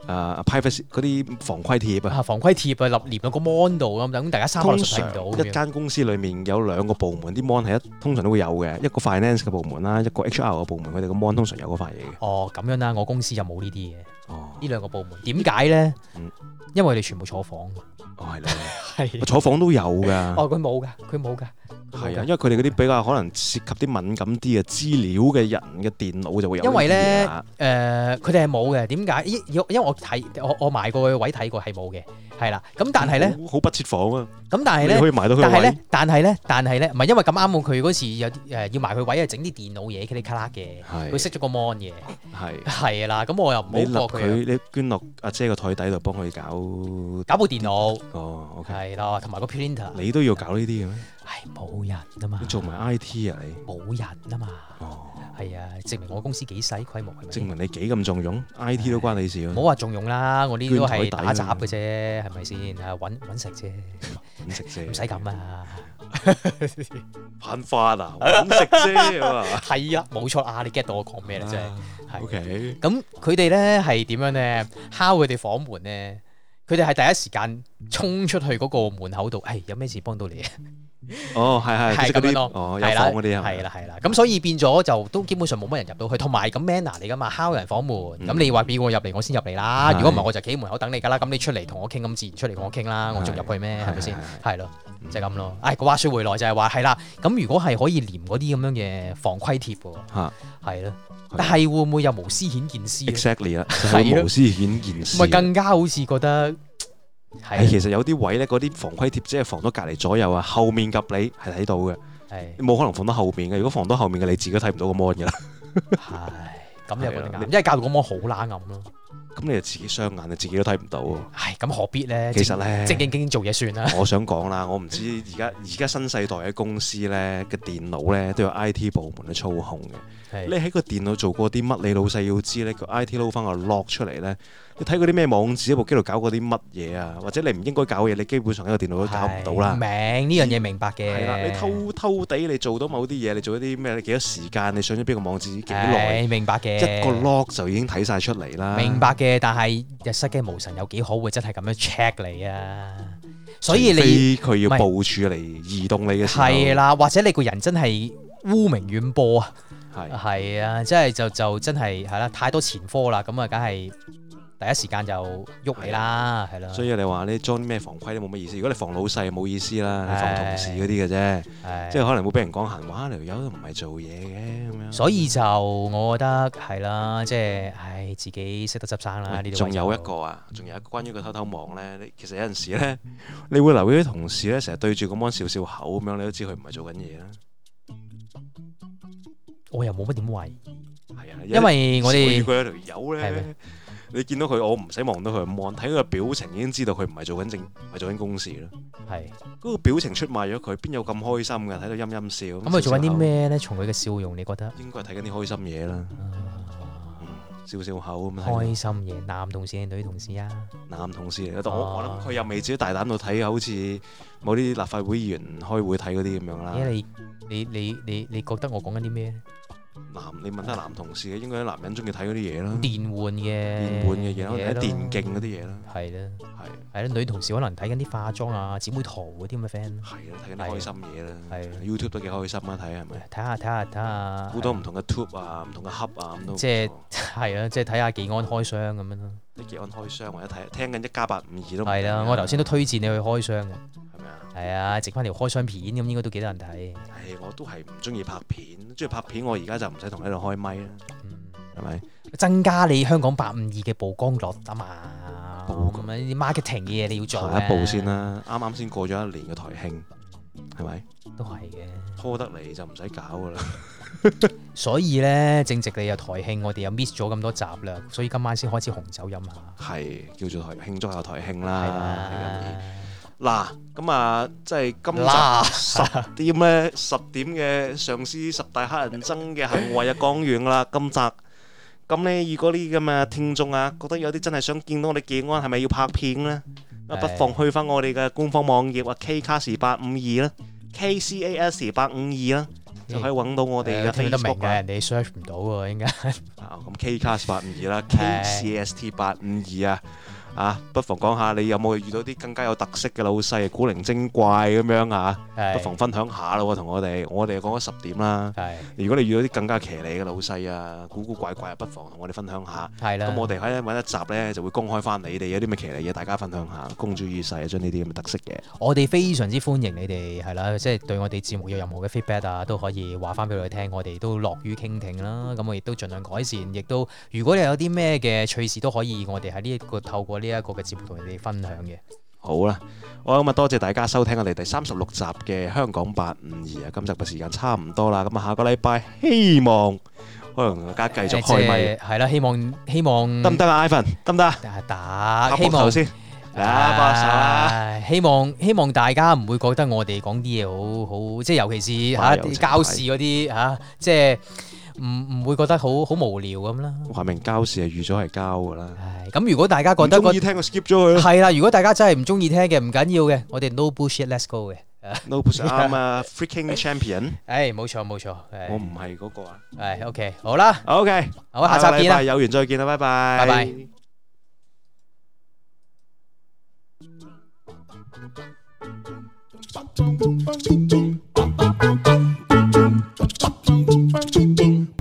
啊 private 嗰啲防窺貼啊，啊，防窺貼啊，立黏喺個 mon 度啊，咁大家三六度睇唔到。一間公司裏面有兩個部門，啲 mon 係一通常都會有嘅，一個 finance 嘅部門啦，一個 HR 嘅部門，佢哋個 mon 通常有嗰塊嘢哦，咁樣啦，我公司就冇、哦、呢啲嘢。哦，呢兩個部門點解咧？因為我哋全部坐房。哦，係啦。係。 坐房都有㗎。 哦，佢冇㗎，佢冇㗎。係啊，因為佢哋嗰啲比較可能涉及啲敏感啲嘅資料嘅人嘅電腦就會有呢啲。因為咧，誒，佢哋係冇嘅。點解？因因我睇，我我埋過個位睇過係冇嘅，係啦。咁但係咧，好不設防啊！咁但係咧，可以埋到佢。但係咧，但係咧，但係咧，唔係因為咁啱啊！佢嗰時有誒，要埋佢位啊，整啲電腦嘢，咔哩咔啦嘅。係。佢熄咗個 mon 嘅。係。係啦，咁我又唔好佢。你捐落阿姐個台底度，幫佢搞搞部電腦。哦，OK。係啦，同埋個 printer。你都要搞呢啲嘅咩？係冇人啊嘛！你做埋 I T 啊，你冇人啊嘛！哦，係啊，證明我公司幾細規模係咪？證明你幾咁重用 I T 都關你事啊！唔好話重用啦，我呢啲都係打雜嘅啫，係咪先？搵食啫，搵食啫，唔使咁啊！噴花啊！搵食啫嘛！係啊，冇錯啊！你 get 到我講咩咧？真係，OK。咁佢哋咧係點樣咧？敲佢哋房門咧，佢哋係第一時間衝出去嗰個門口度。誒，有咩事幫到你啊？哦，係係係嗰啲咯，哦，有房嗰啲係，係啦係啦，咁所以變咗就都基本上冇乜人入到去，同埋咁 manner 你噶嘛，敲人房門，咁你話畀我入嚟，我先入嚟啦，如果唔係我就企門口等你噶啦，咁你出嚟同我傾，咁自然出嚟同我傾啦，我仲入去咩？係咪先？係咯，即係咁咯。誒，個話說回來就係話係啦，咁如果係可以粘嗰啲咁樣嘅防窺貼，吓係咯，但係會唔會有無私顯見私？Exactly 啦，係無私顯見私，咪更加好似覺得。係，其實有啲位咧，嗰啲防窺貼即係防到隔離左右啊，後面夾你係睇到嘅，係冇的可能防到後面嘅。如果防到後面嘅，你自己都睇唔到個 mon 噶啦。係唉，咁又 點解？的因為教務個 mon 好拉暗咯。咁你就自己雙眼你自己都睇唔到。係，咁何必咧？其實咧，正正經經做嘢算啦。我想講啦，我唔知而家而家新世代嘅公司咧嘅 電腦咧都有 I T 部門去操控嘅。的你喺個電腦做過啲乜？你老細要知咧，佢 I T 撈翻個 log 出嚟咧。你睇過啲咩網址？一部機度搞過啲乜嘢啊？或者你唔應該搞嘅嘢，你基本上喺個電腦都搞唔到啦。明呢樣嘢，明白嘅。係啦，你偷偷地你做到某啲嘢，你做咗啲咩？你幾多時間？你上咗邊個網址？幾耐？明白嘅。一個 log 就已經睇晒出嚟啦。明白嘅，但係日曬嘅無神有幾好會真係咁樣 check 你啊？所以你佢要部署嚟移動你嘅時候。係啦，或者你個人真係污名遠播啊！係係啊，即係就就真係係啦，太多前科啦，咁啊，梗係。第一時間就喐你啦，係咯。所以你話你裝啲咩防規都冇乜意思。如果你防老細冇意思啦，防同事嗰啲嘅啫，即係可能會俾人講閒話。條友都唔係做嘢嘅咁樣。所以就我覺得係啦，即係唉自己識得執生啦。呢度仲有一個啊，仲有一個關於個偷偷望咧。其實有陣時咧，你會留意啲同事咧，成日對住個芒笑笑口咁樣，你都知佢唔係做緊嘢啦。我又冇乜點為，係啊，因為我哋。我遇過一條友咧。你見到佢，我唔使望到佢，望睇佢個表情已經知道佢唔係做緊正，唔係做緊公事咯。係嗰是個表情出賣咗佢，邊有咁開心嘅？睇到陰陰笑咁佢做緊啲咩咧？從佢嘅笑容，你覺得應該係睇緊啲開心嘢啦。笑笑、啊嗯、口咁。開心嘢，是男同事定女同事啊？男同事，我、啊、我諗佢又未至於大膽到睇下，好似某啲立法會議員開會睇嗰啲咁樣啦。你你你你，你覺得我講緊啲咩？男，你問下男同事嘅，應該啲男人中意睇嗰啲嘢啦，電玩嘅，電玩嘅嘢咯，睇電競嗰啲嘢啦，係咯，係，係咯，女同事可能睇緊啲化妝啊、姊妹淘嗰啲咁嘅 fan，係啦，睇緊開心嘢啦，係，YouTube 都幾開心啊，睇係咪？睇下睇下睇下，好多唔同嘅 tube 啊，唔同嘅盒啊，即係係啦，即係睇下技安開箱咁樣咯。技安開箱我一睇，聽緊一加八五二都係啦，我頭先都推薦你去開箱嘅，係咪啊？係啊，整翻條開箱片咁應該都幾多人睇。唉、哎，我都係唔中意拍片，中意拍片我而家就唔使同喺度開咪啦，係咪、嗯？是是增加你香港八五二嘅曝光率啊嘛，咁樣啲 marketing 嘅嘢你要做啊。下一步先啦，啱啱先過咗一年嘅台慶，係咪？都係嘅，拖得嚟就唔使搞噶啦。 所以咧，正值你又台慶，我哋又 miss 咗咁多集啦，所以今晚先開始紅酒飲下，係叫做台慶祝下台慶啦。嗱，咁啊，即係今集十點咧，十點嘅上司十大乞人憎嘅行為又講完啦。今集咁咧，如果呢咁啊聽眾啊，覺得有啲真係想見到我哋技安，係咪要拍片咧？不妨去翻我哋嘅官方網頁啊，KCast 八五二啦，K C A S 八五二啦。就可以揾到我哋嘅 Facebook、嗯、啊！人哋 search 唔到喎，應該。咁 Kcast 八五二啦，Kcast 八五二啊。啊，不妨講下你有冇遇到啲更加有特色嘅老細，古靈精怪咁樣啊，是的 不妨分享下啦喎，同我哋。我哋講咗十點啦，是的 如果你遇到啲更加騎呢嘅老細啊，是的 古古怪怪，不妨同我哋分享下。咁是的 我哋喺一集呢，就會公開翻你哋有啲咩騎呢嘢，大家分享下，公諸於世啊。將呢啲咁嘅特色嘅，我哋非常之歡迎你哋係啦，即係對我哋節目有任何嘅 feedback 啊，都可以話翻俾我哋聽，我哋都樂於傾聽啦。咁我亦都盡量改善，亦都如果你有啲咩嘅趣事都可以我、這個，我哋喺呢一個透過呢、這個。呢一個嘅節目同你哋分享嘅，好啦，我咁啊多謝大家收聽我哋第三十六集嘅香講八五二啊，今集嘅時間差唔多啦，咁啊下個禮拜希望可能同大家繼續開咪，係啦，希望希望得唔得啊 Ivan 得唔得？打，希望先打巴薩，希望希望大家唔會覺得我哋講啲嘢好好，即係尤其是吓教士嗰啲吓，即係。唔唔會覺得好好無聊咁啦。話明交時係預咗係交㗎啦。咁如果大家覺得，唔中意聽我 skip 咗佢。係啦，如果大家真係唔中意聽嘅，唔緊要嘅，我哋 no bullshit let's go 嘅。no bullshit。I'm a freaking champion。誒，冇錯冇錯。我唔係嗰個啊。係，OK，好啦，OK，好啊，下集見啦，有緣再見啦，拜拜。拜拜。